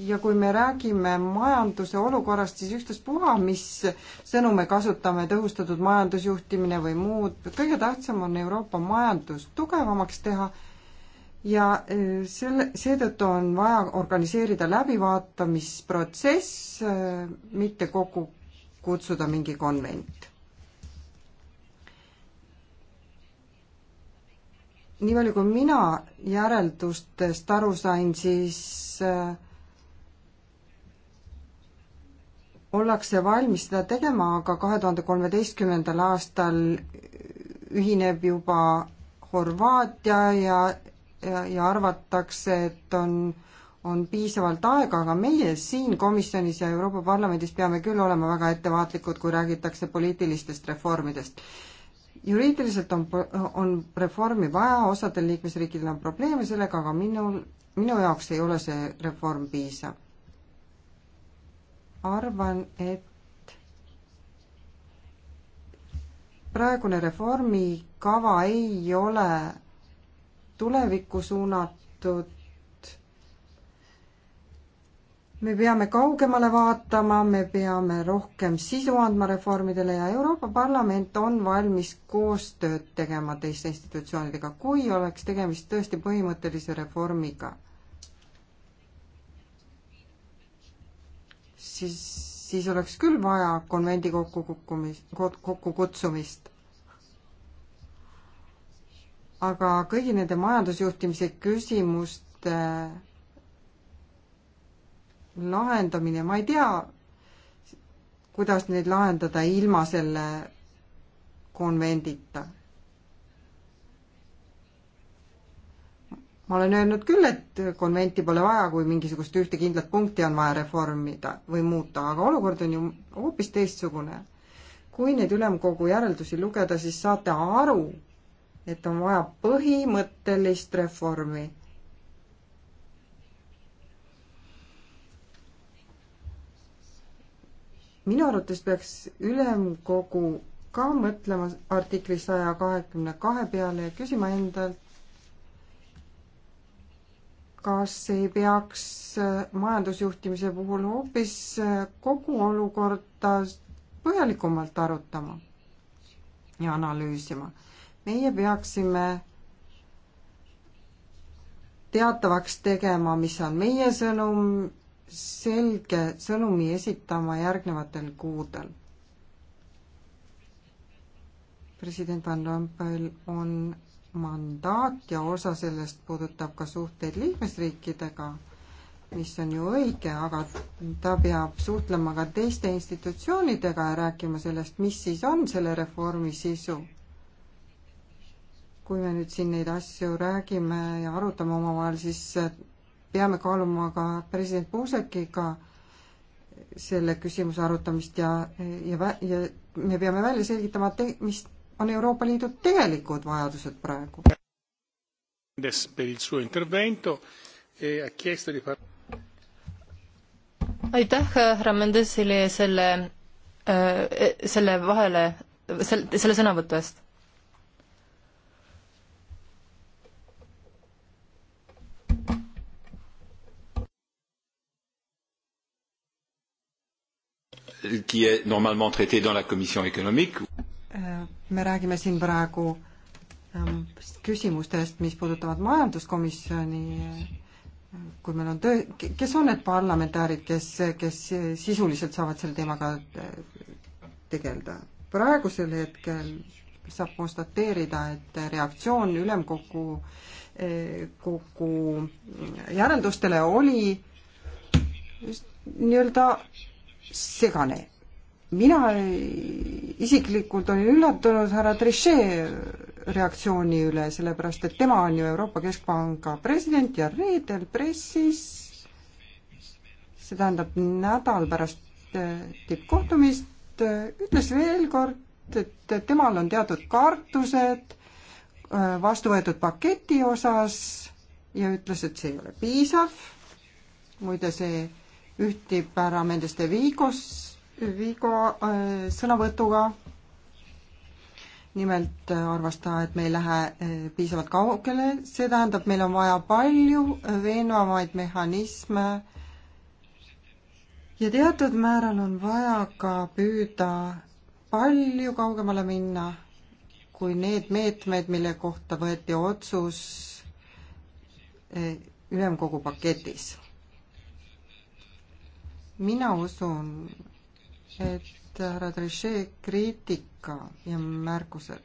ja kui me räägime majanduse olukorrast, siis ükstaspuha, mis sõnu me kasutame, tõhustatud majandusjuhtimine või muud, kõige tähtsam on Euroopa majandus tugevamaks teha ja äh, selle, seetõttu on vaja organiseerida läbivaatamisprotsess, äh, mitte kokku kutsuda mingi konvent nii palju, kui mina järeldustest aru sain, siis äh, ollakse valmis seda tegema, aga kahe tuhande kolmeteistkümnendal aastal ühineb juba Horvaatia ja, ja, ja arvatakse, et on, on piisavalt aega, aga meie siin komisjonis ja Euroopa Parlamendis peame küll olema väga ettevaatlikud, kui räägitakse poliitilistest reformidest juriidiliselt on, on reformi vaja, osadel liikmesriikidel on probleeme sellega, aga minul, minu jaoks ei ole see reform piisav. arvan, et praegune reformikava ei ole tulevikku suunatud, me peame kaugemale vaatama, me peame rohkem sisu andma reformidele ja Euroopa Parlament on valmis koostööd tegema teiste institutsioonidega, kui oleks tegemist tõesti põhimõttelise reformiga. siis, siis oleks küll vaja konvendi kokkukukkumist, kokkukutsumist. aga kõigi nende majandusjuhtimise küsimuste lahendamine, ma ei tea, kuidas neid lahendada ilma selle konvendita. ma olen öelnud küll, et konventi pole vaja, kui mingisugust ühte kindlat punkti on vaja reformida või muuta, aga olukord on ju hoopis teistsugune. kui neid ülemkogu järeldusi lugeda, siis saate aru, et on vaja põhimõttelist reformi minu arvates peaks ülemkogu ka mõtlema artikli saja kahekümne kahe peale ja küsima endalt, kas ei peaks äh, majandusjuhtimise puhul hoopis äh, kogu olukorda põhjalikumalt arutama ja analüüsima. meie peaksime teatavaks tegema, mis on meie sõnum, selge sõnumi esitama järgnevatel kuudel. president Van Rompuy on mandaat ja osa sellest puudutab ka suhteid liikmesriikidega, mis on ju õige, aga ta peab suhtlema ka teiste institutsioonidega ja rääkima sellest, mis siis on selle reformi sisu kui me nüüd siin neid asju räägime ja arutame omavahel, siis peame kaaluma ka president Puusekiga selle küsimuse arutamist ja, ja, ja me peame välja selgitama, mis on Euroopa Liidu tegelikud vajadused praegu. E aitäh äh, härra Mendesile selle, äh, e-, selle vahele, selle, selle sõnavõtu eest qui est normalement traité dans la commission économique. Äh, me räägime siin praegu ähm, küsimustest, mis puudutavad majanduskomisjoni, äh, kui meil on töö, kes on need parlamentäärid, kes, kes sisuliselt saavad selle teemaga äh, tegeleda? praegusel hetkel saab konstateerida, et reaktsioon ülemkogu, kogu järeldustele oli nii-öelda segane. mina isiklikult olin üllatunud härra Trichet reaktsiooni üle, sellepärast et tema on ju Euroopa Keskpanga president ja reedel pressis, see tähendab nädal pärast äh, tippkohtumist, äh, ütles veel kord, et temal on teatud kartused äh, vastu võetud paketi osas ja ütles, et see ei ole piisav. muide, see ühtib härra Mendes de Vigos, Vigo äh, sõnavõtuga. nimelt äh, arvestada, et me ei lähe äh, piisavalt kaugele, see tähendab, meil on vaja palju veenvamaid mehhanisme ja teatud määral on vaja ka püüda palju kaugemale minna kui need meetmed, mille kohta võeti otsus ülemkogu paketis mina usun, et härra Trichet kriitika ja märkused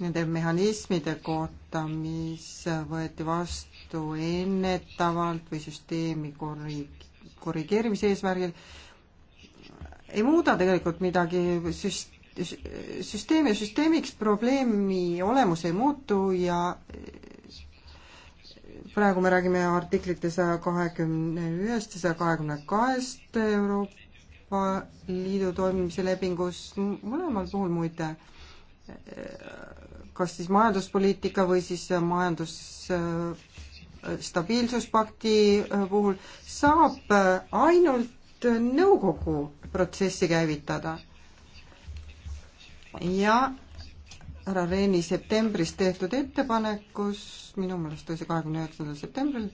nende mehhanismide kohta, mis võeti vastu ennetavalt või süsteemi korrig-, korrigeerimise eesmärgil, ei muuda tegelikult midagi süst-, süsteemi ja süsteemiks probleemi olemus ei muutu ja praegu me räägime artiklite saja kahekümne ühest ja saja kahekümne kahest Euroopa Liidu toimimise lepingus, mõlemal puhul muide, kas siis majanduspoliitika või siis majandus äh, stabiilsuspakti äh, puhul saab äh, ainult nõukogu protsessi käivitada. ja härra Reini septembris tehtud ettepanekus, minu meelest oli see kahekümne üheksandal septembril,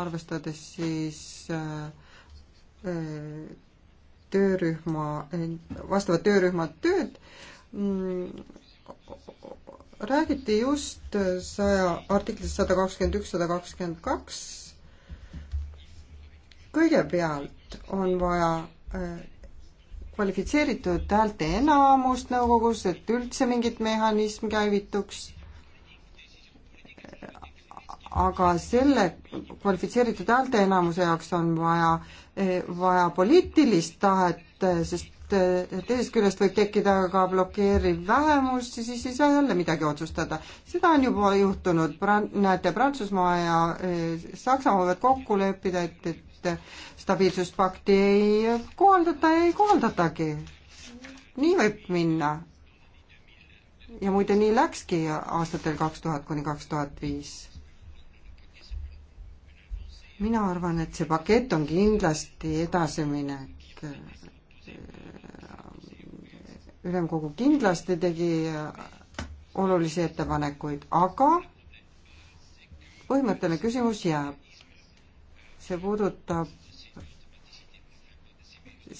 arvestades siis äh, äh, töörühma, vastava töörühma tööd, mm, räägiti just saja, artiklist sada kakskümmend üks, sada kakskümmend kaks, kõigepealt on vaja äh, kvalifitseeritud häälte enamust nõukogus, et üldse mingit mehhanism käivituks. aga selle kvalifitseeritud häälte enamuse jaoks on vaja, vaja poliitilist tahet, sest teisest küljest võib tekkida ka blokeeriv vähemus ja siis ei saa jälle midagi otsustada. seda on juba juhtunud, näete, Prantsusmaa ja eh, Saksamaa võivad kokku leppida, et, et et stabiilsuspakti ei kohaldata ja ei kohaldatagi. nii võib minna. ja muide, nii läkski aastatel kaks tuhat kuni kaks tuhat viis. mina arvan, et see pakett on kindlasti edasiminek. ülemkogu kindlasti tegi olulisi ettepanekuid, aga põhimõtteline küsimus jääb see puudutab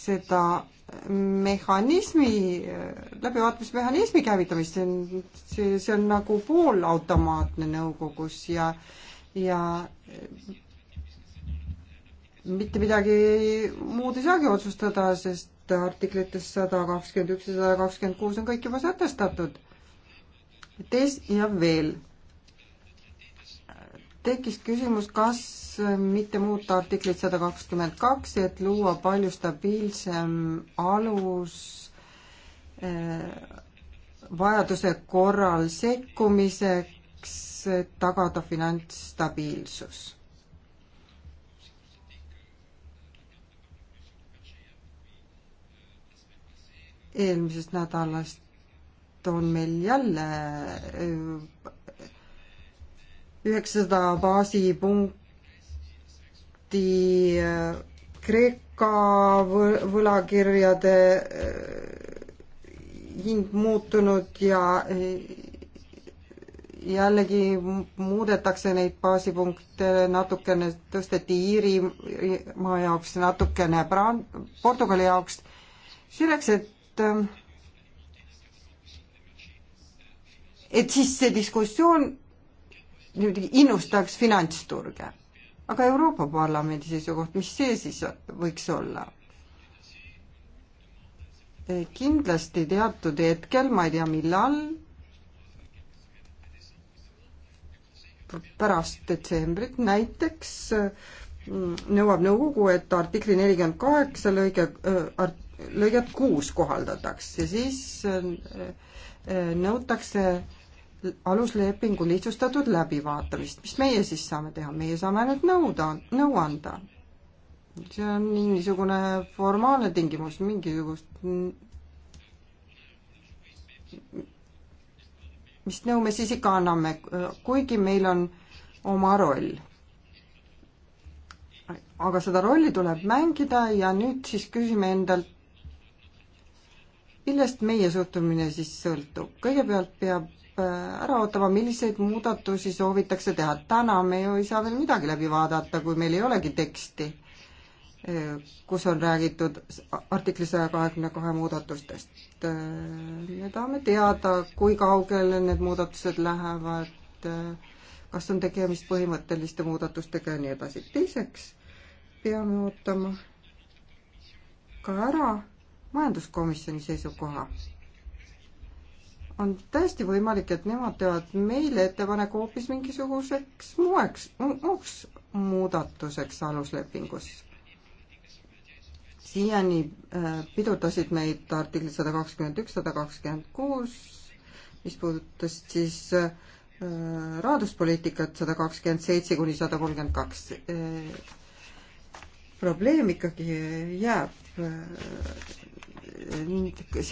seda mehhanismi, läbivaatamismehhanismi käivitamist, see on, see, see on nagu poolautomaatne nõukogus ja, ja mitte midagi muud ei saagi otsustada, sest artiklites sada kakskümmend üks ja sada kakskümmend kuus on kõik juba sätestatud. et es- ja veel tekkis küsimus, kas mitte muuta artiklit sada kakskümmend kaks, et luua palju stabiilsem alus eh, vajaduse korral sekkumiseks, et tagada finantsstabiilsus. eelmisest nädalast on meil jälle eh, üheksasada baasipunkt samuti äh, Kreeka võlakirjade äh, hind muutunud ja äh, jällegi muudetakse neid baasipunkte natukene, tõsteti Iirimaa jaoks natukene Pran-, Portugali jaoks, selleks, et et siis see diskussioon niimoodi innustaks finantsturge aga Euroopa Parlamendi seisukoht, mis see siis võiks olla? Eh, kindlasti teatud hetkel, ma ei tea, millal, pärast detsembrit näiteks mm, nõuab nõukogu, et artikli nelikümmend kaheksa lõige, eh, lõiget kuus kohaldatakse, siis eh, nõutakse aluslepingu lihtsustatud läbivaatamist. mis meie siis saame teha? meie saame ainult nõuda, nõu anda. see on niisugune formaalne tingimus, mingisugust mis nõu me siis ikka anname, kuigi meil on oma roll. aga seda rolli tuleb mängida ja nüüd siis küsime endalt, millest meie suhtumine siis sõltub. kõigepealt peab Äh, ära ootama, milliseid muudatusi soovitakse teha. täna me ju ei saa veel midagi läbi vaadata, kui meil ei olegi teksti, äh, kus on räägitud artikli saja kahekümne kahe muudatustest. Äh, me tahame teada, kui kaugele need muudatused lähevad, kas on tegemist põhimõtteliste muudatustega ja nii edasi. teiseks peame ootama ka ära majanduskomisjoni seisukoha on täiesti võimalik, et nemad teevad meile ettepaneku hoopis mingisuguseks moeks, muuks muudatuseks aluslepingus. siiani äh, pidurdasid meid artiklid sada kakskümmend üks, sada kakskümmend kuus, mis puudutasid siis äh, raaduspoliitikat sada kakskümmend seitse kuni sada kolmkümmend kaks. Äh, probleem ikkagi jääb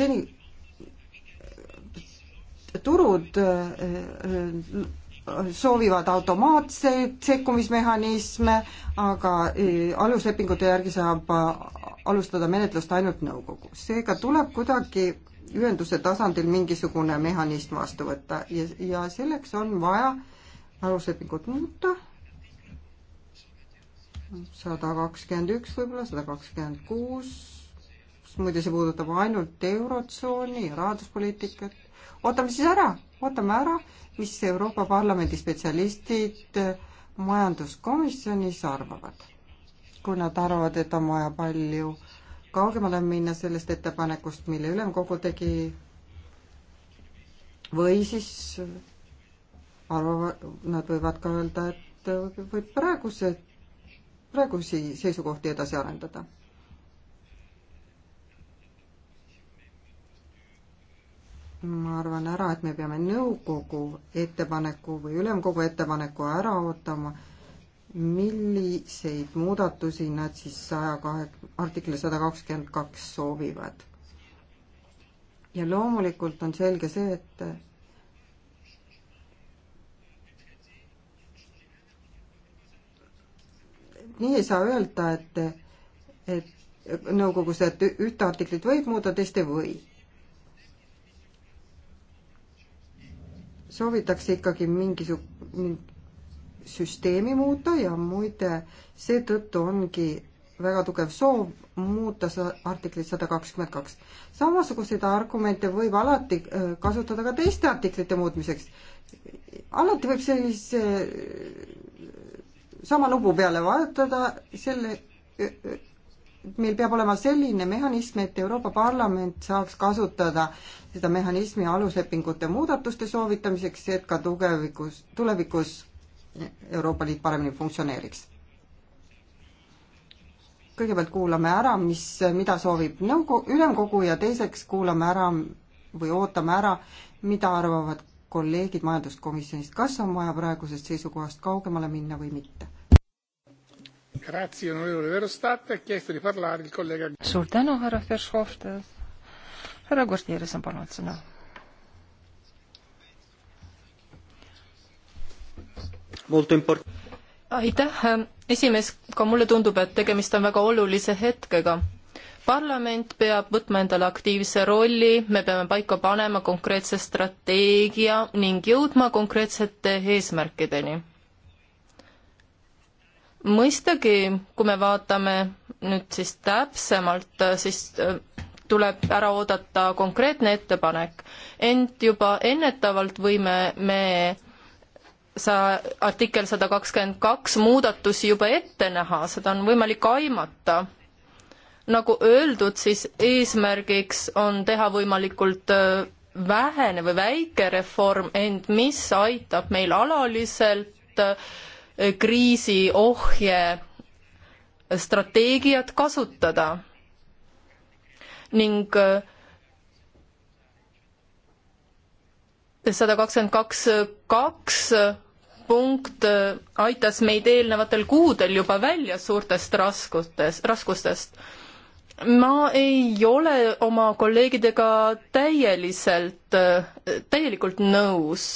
seni turud äh, äh, soovivad automaatseid sekkumismehhanisme, aga äh, aluslepingute järgi saab alustada menetlust ainult nõukogu. seega tuleb kuidagi ühenduse tasandil mingisugune mehhanism vastu võtta ja, ja selleks on vaja aluslepingut muuta, sada kakskümmend üks võib-olla, sada kakskümmend kuus, muide see puudutab ainult Eurotsooni ja rahanduspoliitikat, ootame siis ära, ootame ära, mis Euroopa Parlamendi spetsialistid majanduskomisjonis arvavad. kui nad arvavad, et on vaja palju kaugemale minna sellest ettepanekust, mille ülemkogu tegi, või siis arvavad, nad võivad ka öelda, et võib praeguse, praegusi seisukohti edasi arendada ma arvan ära, et me peame nõukogu ettepaneku või ülemkogu ettepaneku ära ootama, milliseid muudatusi nad siis saja kahe, artikli sada kakskümmend kaks soovivad. ja loomulikult on selge see, et nii ei saa öelda, et, et nõukogus, et ühte artiklit võib muuta, teist ei või soovitakse ikkagi mingisugune mingi süsteemi muuta ja muide, seetõttu ongi väga tugev soov muuta seda artiklit sada kakskümmend kaks. samasuguseid argumente võib alati äh, kasutada ka teiste artiklite muutmiseks. alati võib sellise äh, sama nupu peale vajutada selle äh, meil peab olema selline mehhanism, et Euroopa Parlament saaks kasutada seda mehhanismi aluslepingute muudatuste soovitamiseks, et ka tugevikus, tulevikus Euroopa Liit paremini funktsioneeriks. kõigepealt kuulame ära, mis, mida soovib nõukogu, ülemkogu ja teiseks kuulame ära või ootame ära, mida arvavad kolleegid majanduskomisjonist, kas on vaja praegusest seisukohast kaugemale minna või mitte suur tänu, härra Fershov. härra Gordjeres on palunud sõna. aitäh, ähm, esimees, ka mulle tundub, et tegemist on väga olulise hetkega parlament peab võtma endale aktiivse rolli, me peame paika panema konkreetse strateegia ning jõudma konkreetsete eesmärkideni mõistagi, kui me vaatame nüüd siis täpsemalt, siis äh, tuleb ära oodata konkreetne ettepanek, ent juba ennetavalt võime me sa artikkel sada kakskümmend kaks muudatusi juba ette näha, seda on võimalik aimata. nagu öeldud, siis eesmärgiks on teha võimalikult äh, vähene või väike reform, ent mis aitab meil alaliselt äh, kriisiohje strateegiat kasutada ning äh, sada kakskümmend kaks kaks punkt äh, aitas meid eelnevatel kuudel juba välja suurtest raskustest, raskustest. ma ei ole oma kolleegidega täieliselt, äh, täielikult nõus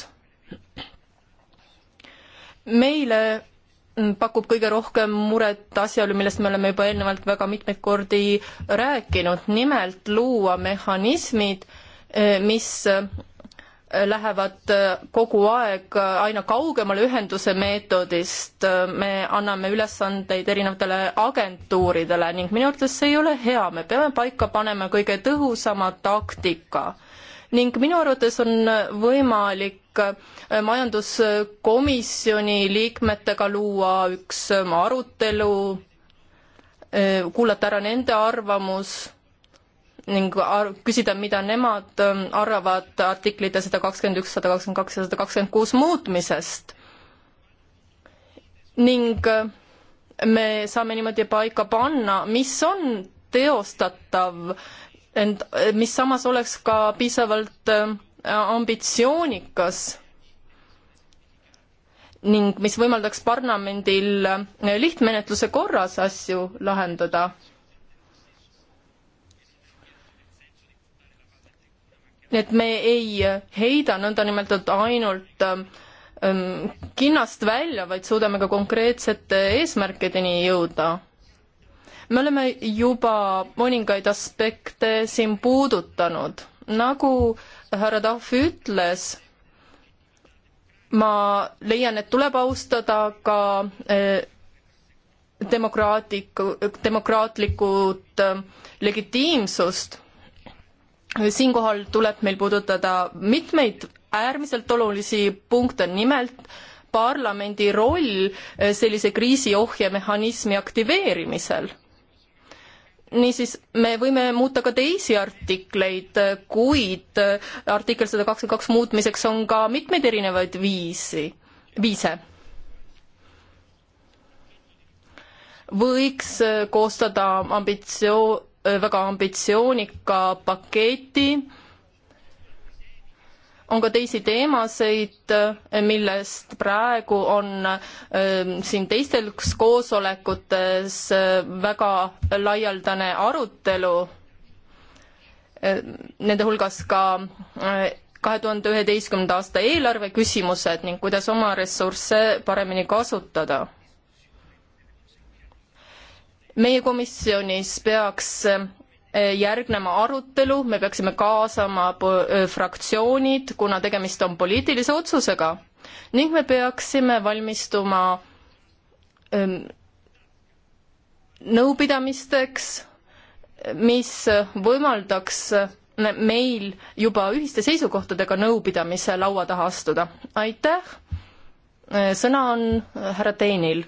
meile pakub kõige rohkem muret asjaolu, millest me oleme juba eelnevalt väga mitmeid kordi rääkinud, nimelt luua mehhanismid, eh, mis eh, lähevad eh, kogu aeg aina kaugemale ühenduse meetodist, me anname ülesandeid erinevatele agentuuridele ning minu arvates see ei ole hea, me peame paika panema kõige tõhusama taktika ning minu arvates on võimalik äh, majanduskomisjoni liikmetega luua üks ähm, arutelu, äh, kuulata ära nende arvamus ning ar-, küsida, mida nemad ähm, arvavad artiklite sada kakskümmend üks, sada kakskümmend kaks ja sada kakskümmend kuus muutmisest. ning äh, me saame niimoodi paika panna, mis on teostatav ent eh, mis samas oleks ka piisavalt eh, ambitsioonikas ning mis võimaldaks parlamendil eh, lihtmenetluse korras asju lahendada. nii et me ei heida nõndanimetatud ainult kinnast välja, vaid suudame ka konkreetsete eesmärkideni jõuda me oleme juba mõningaid aspekte siin puudutanud, nagu härra Tahv ütles, ma leian, et tuleb austada ka eh, demokraatlikku, demokraatlikud eh, legitiimsust. siinkohal tuleb meil puudutada mitmeid äärmiselt olulisi punkte, nimelt parlamendi roll eh, sellise kriisi ohjemehhanismi aktiveerimisel niisiis, me võime muuta ka teisi artikleid, kuid artikkel sada kakskümmend kaks muutmiseks on ka mitmeid erinevaid viisi, viise. võiks koostada ambitsio-, väga ambitsioonika paketi, on ka teisi teemasid, millest praegu on ähm, siin teistel koosolekutes äh, väga laialdane arutelu, ähm, nende hulgas ka äh, kahe tuhande üheteistkümnenda aasta eelarve küsimused ning kuidas oma ressursse paremini kasutada. meie komisjonis peaks äh, Eh, järgnema arutelu, me peaksime kaasama eh, fraktsioonid, kuna tegemist on poliitilise otsusega ning me peaksime valmistuma ehm, nõupidamisteks, mis võimaldaks meil juba ühiste seisukohtadega nõupidamise laua taha astuda. aitäh, eh, sõna on härra Teinil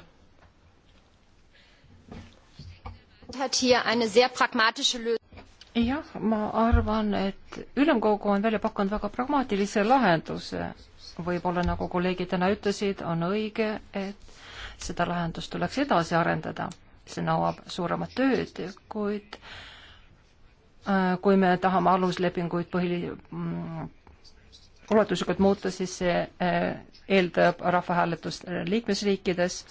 jah, ma arvan, et ülemkogu on välja pakkunud väga pragmaatilise lahenduse. võib-olla nagu kolleegid täna ütlesid, on õige, et seda lahendust tuleks edasi arendada. see nõuab suuremat tööd, kuid äh, kui me tahame aluslepinguid põhi, mm, ulatuslikult muuta, siis see äh, eeldab rahvahääletust liikmesriikides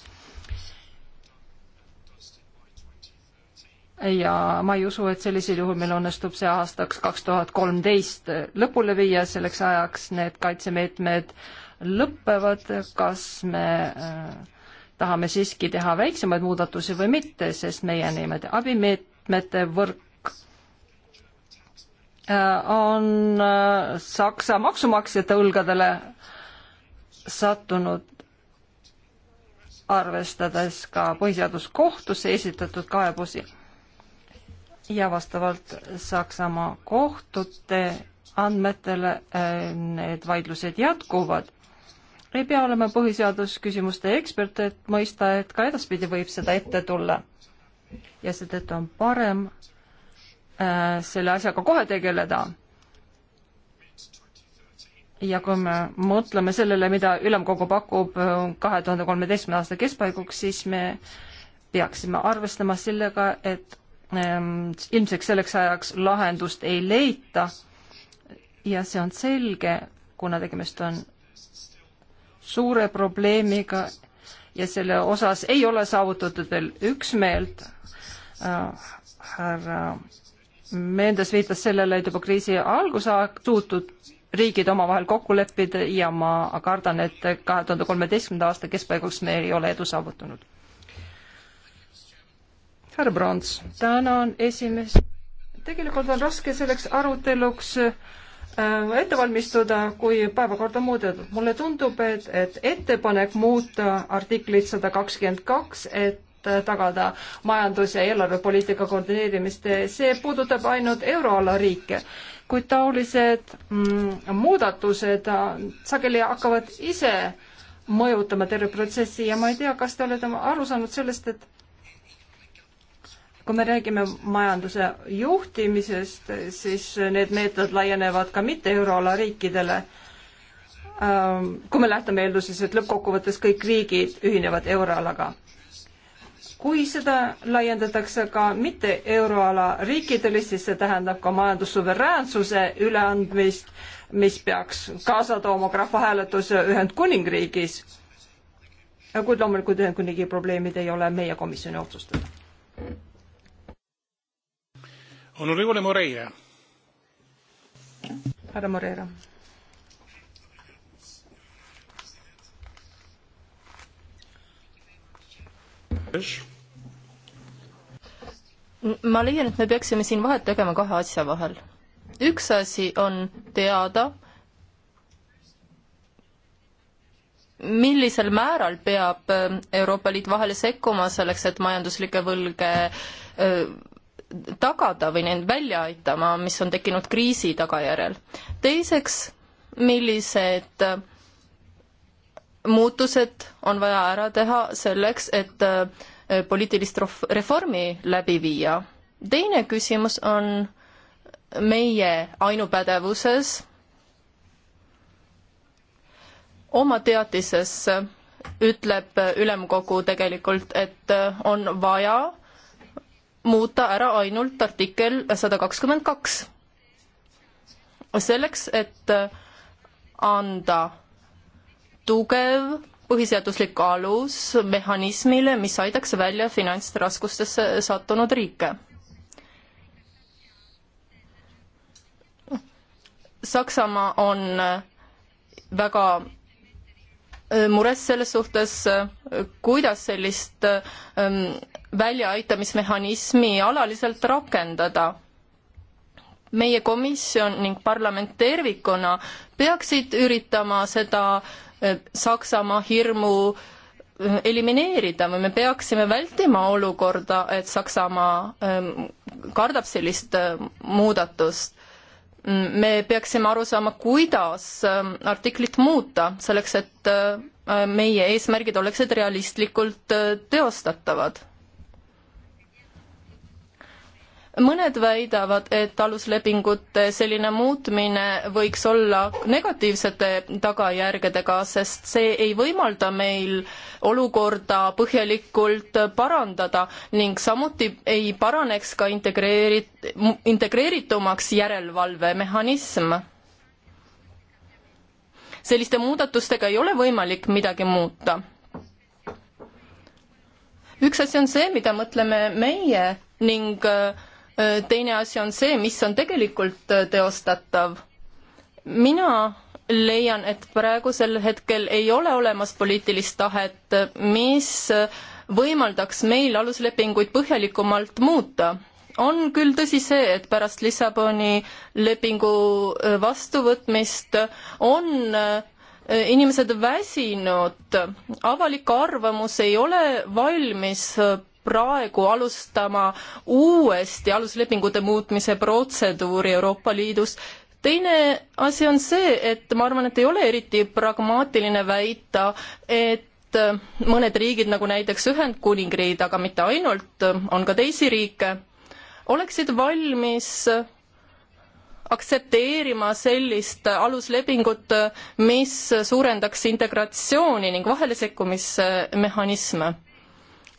ja ma ei usu, et sellisel juhul meil õnnestub see aastaks kaks tuhat kolmteist lõpule viia, selleks ajaks need kaitsemeetmed lõpevad, kas me äh, tahame siiski teha väiksemaid muudatusi või mitte, sest meie niimoodi abimeetmete võrk äh, on äh, Saksa maksumaksjate õlgadele sattunud arvestades ka põhiseaduskohtusse esitatud kaebusi ja vastavalt Saksamaa kohtute andmetele äh, need vaidlused jätkuvad. ei pea olema põhiseadusküsimuste ekspert, et mõista, et ka edaspidi võib seda ette tulla. ja seetõttu on parem äh, selle asjaga kohe tegeleda. ja kui me mõtleme sellele, mida ülemkogu pakub äh, kahe tuhande kolmeteistkümnenda aasta keskpaiguks, siis me peaksime arvestama sellega, et Ehm, ilmseks selleks ajaks lahendust ei leita ja see on selge, kuna tegemist on suure probleemiga ja selle osas ei ole saavutatud veel üksmeelt. Äh, härra Mendes viitas sellele, et juba kriisi alguse aeg suutud riigid omavahel kokku leppida ja ma kardan, et kahe tuhande kolmeteistkümnenda aasta keskpaiguks me ei ole edu saavutanud härra Brons, tänan esimees. tegelikult on raske selleks aruteluks äh, ette valmistuda, kui päevakorda muudetud. mulle tundub, et, et ettepanek muuta artiklit sada kakskümmend kaks, et äh, tagada majandus- ja eelarvepoliitika koordineerimist, see puudutab ainult euroala riike. kuid taolised mm, muudatused äh, sageli hakkavad ise mõjutama terve protsessi ja ma ei tea, kas te olete aru saanud sellest, et kui me räägime majanduse juhtimisest, siis need meetod laienevad ka mitte euroala riikidele. Ähm, kui me lähtume eelduses, et lõppkokkuvõttes kõik riigid ühinevad euroalaga. kui seda laiendatakse ka mitte euroala riikidele, siis see tähendab ka majandussuveräänsuse üleandmist, mis peaks kaasa tooma ka rahvahääletuse Ühendkuningriigis. kuid loomulikult Ühendkuningriigi probleemid ei ole meie komisjoni otsustada onorevole Moreira. härra Moreira. ma leian, et me peaksime siin vahet tegema kahe asja vahel. üks asi on teada, millisel määral peab Euroopa Liit vahele sekkuma selleks, et majanduslikke võlge äh, tagada või neid välja aitama, mis on tekkinud kriisi tagajärjel. teiseks, millised äh, muutused on vaja ära teha selleks, et äh, poliitilist reformi läbi viia. teine küsimus on meie ainupädevuses oma teatises ütleb ülemkogu tegelikult, et äh, on vaja muuta ära ainult artikkel sada kakskümmend kaks. selleks, et äh, anda tugev põhiseaduslik alus mehhanismile, mis aitaks välja finantsraskustesse sattunud riike. Saksamaa on väga Äh, mures selles suhtes, äh, kuidas sellist ähm, väljaaitamismehhanismi alaliselt rakendada. meie komisjon ning parlament tervikuna peaksid üritama seda äh, Saksamaa hirmu elimineerida või me peaksime vältima olukorda, et Saksamaa ähm, kardab sellist muudatust me peaksime aru saama, kuidas ähm, artiklit muuta, selleks et äh, meie eesmärgid oleksid realistlikult äh, teostatavad mõned väidavad, et aluslepingute selline muutmine võiks olla negatiivsete tagajärgedega, sest see ei võimalda meil olukorda põhjalikult parandada ning samuti ei paraneks ka integreerit-, integreeritumaks järelevalvemehhanism. selliste muudatustega ei ole võimalik midagi muuta. üks asi on see, mida mõtleme meie ning äh, teine asi on see, mis on tegelikult äh, teostatav. mina leian, et praegusel hetkel ei ole olemas poliitilist tahet, mis äh, võimaldaks meil aluslepinguid põhjalikumalt muuta. on küll tõsi see, et pärast Lissaboni lepingu äh, vastuvõtmist on inimesed väsinud, avalik arvamus ei ole valmis praegu alustama uuesti aluslepingute muutmise protseduuri Euroopa Liidus. teine asi on see, et ma arvan, et ei ole eriti pragmaatiline väita, et mõned riigid, nagu näiteks Ühendkuningriik, aga mitte ainult, on ka teisi riike, oleksid valmis aktsepteerima sellist aluslepingut, mis suurendaks integratsiooni ning vahelesekkumismehhanisme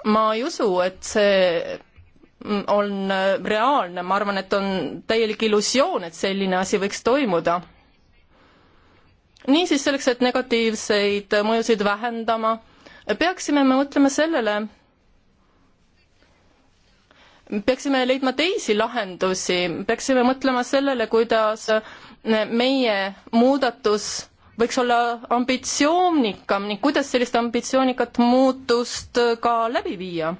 ma ei usu, et see on äh, reaalne, ma arvan, et on täielik illusioon, et selline asi võiks toimuda. niisiis, selleks, et negatiivseid mõjusid vähendama, peaksime me mõtlema sellele, peaksime leidma teisi lahendusi, peaksime mõtlema sellele, kuidas meie muudatus võiks olla ambitsioonikam ning kuidas sellist ambitsioonikat muutust ka läbi viia.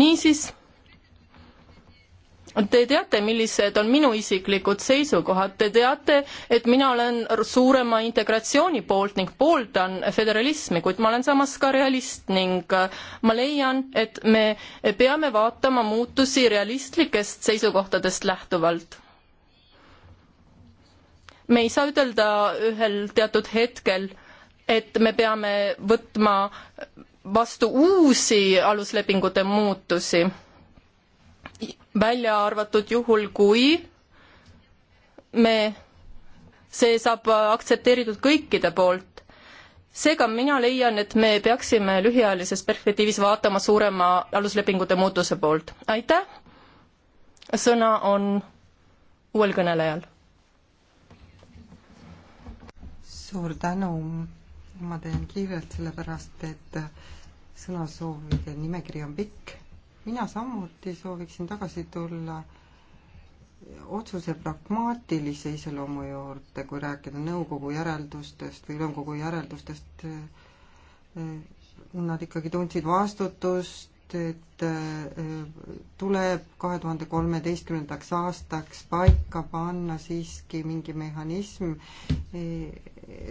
niisiis, te teate, millised on minu isiklikud seisukohad, te teate, et mina olen suurema integratsiooni poolt ning pooldan föderalismi, kuid ma olen samas ka realist ning äh, ma leian, et me peame vaatama muutusi realistlikest seisukohtadest lähtuvalt me ei saa ütelda ühel teatud hetkel, et me peame võtma vastu uusi aluslepingute muutusi, välja arvatud juhul, kui me, see saab aktsepteeritud kõikide poolt. seega mina leian, et me peaksime lühiajalises perspektiivis vaatama suurema aluslepingute muutuse poolt. aitäh! sõna on uuel kõnelejal suur tänu, ma teen kiirelt, sellepärast et sõnasoovide nimekiri on pikk. mina samuti sooviksin tagasi tulla otsuse pragmaatilise iseloomu juurde, kui rääkida nõukogu järeldustest või nõukogu järeldustest, äh, äh, nad ikkagi tundsid vastutust koostööd äh, tuleb kahe tuhande kolmeteistkümnendaks aastaks paika panna siiski mingi mehhanism, e,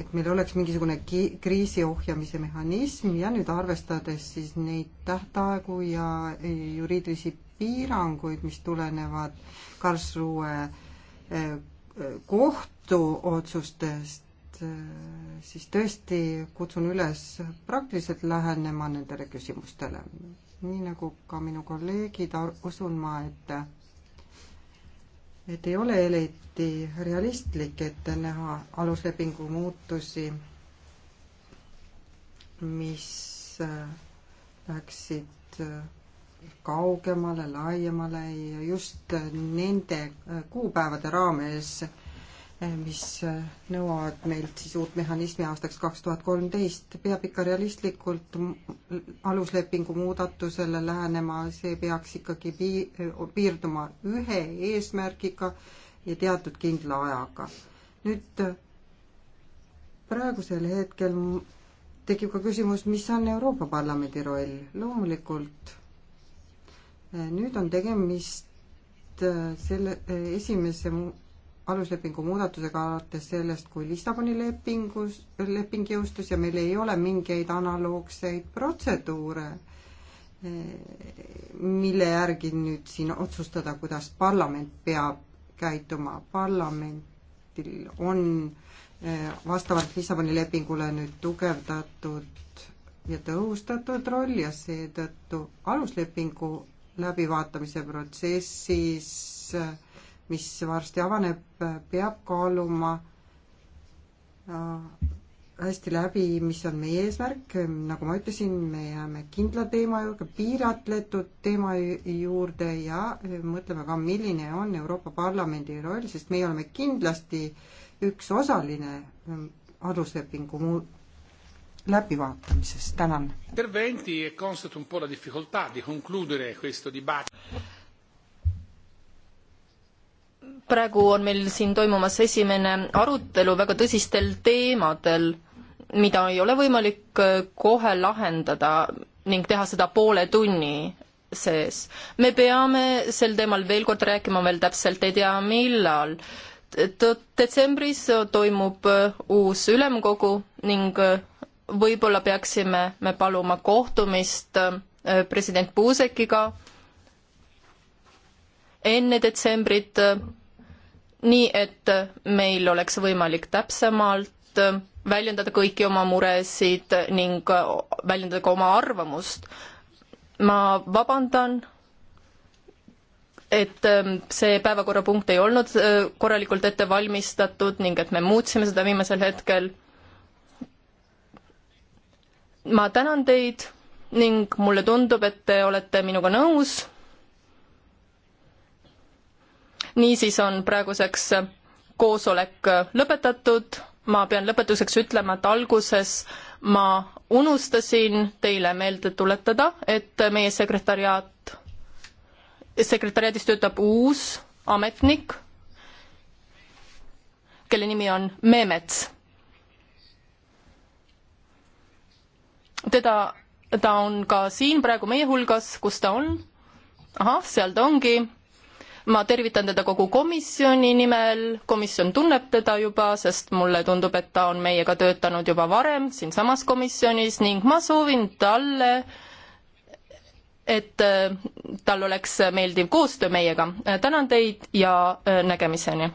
et meil oleks mingisugune kriisi ohjamise mehhanism ja nüüd arvestades siis neid tähtaegu ja e, juriidilisi piiranguid, mis tulenevad Karlsruhe e, kohtuotsustest, siis tõesti kutsun üles praktiliselt lähenema nendele küsimustele nii nagu ka minu kolleegid, usun ma, et et ei ole eriti realistlik ette näha aluslepingu muutusi, mis äh, läheksid äh, kaugemale, laiemale ja just nende äh, kuupäevade raames, mis nõuavad meilt siis uut mehhanismi aastaks kaks tuhat kolmteist, peab ikka realistlikult aluslepingu muudatusele lähenema, see peaks ikkagi pii-, piirduma ühe eesmärgiga ja teatud kindla ajaga. nüüd praegusel hetkel tekib ka küsimus, mis on Euroopa Parlamendi roll, loomulikult eh, nüüd on tegemist eh, selle eh, esimese aluslepingu muudatusega alates sellest, kui Lissaboni lepingus, leping jõustus ja meil ei ole mingeid analoogseid protseduure, eh, mille järgi nüüd siin otsustada, kuidas parlament peab käituma. parlamentil on eh, vastavalt Lissaboni lepingule nüüd tugevdatud ja tõhustatud roll ja seetõttu aluslepingu läbivaatamise protsessis äh, mis varsti avaneb, peab kaaluma äh, hästi läbi, mis on meie eesmärk, nagu ma ütlesin, me jääme kindla teema juurde, piiratletud teema juurde ja äh, mõtleme ka, milline on Euroopa Parlamendi roll, sest meie oleme kindlasti üks osaline ähm, aluslepingu muu-, läbivaatamises, tänan praegu on meil siin toimumas esimene arutelu väga tõsistel teemadel, mida ei ole võimalik äh, kohe lahendada ning teha seda poole tunni sees. me peame sel teemal veel kord rääkima, veel täpselt ei tea, millal. detsembris toimub äh, uus ülemkogu ning äh, võib-olla peaksime me paluma kohtumist president Puusekiga enne detsembrit nii et meil oleks võimalik täpsemalt väljendada kõiki oma muresid ning väljendada ka oma arvamust. ma vabandan, et ähm, see päevakorrapunkt ei olnud äh, korralikult ette valmistatud ning et me muutsime seda viimasel hetkel. ma tänan teid ning mulle tundub, et te olete minuga nõus niisiis on praeguseks koosolek lõpetatud, ma pean lõpetuseks ütlema, et alguses ma unustasin teile meelde tuletada, et meie sekretäriaat, sekretäriaadis töötab uus ametnik, kelle nimi on Meemets. teda, ta on ka siin praegu meie hulgas, kus ta on? ahah, seal ta ongi ma tervitan teda kogu komisjoni nimel, komisjon tunneb teda juba, sest mulle tundub, et ta on meiega töötanud juba varem siinsamas komisjonis ning ma soovin talle, et äh, tal oleks meeldiv koostöö meiega. tänan teid ja äh, nägemiseni!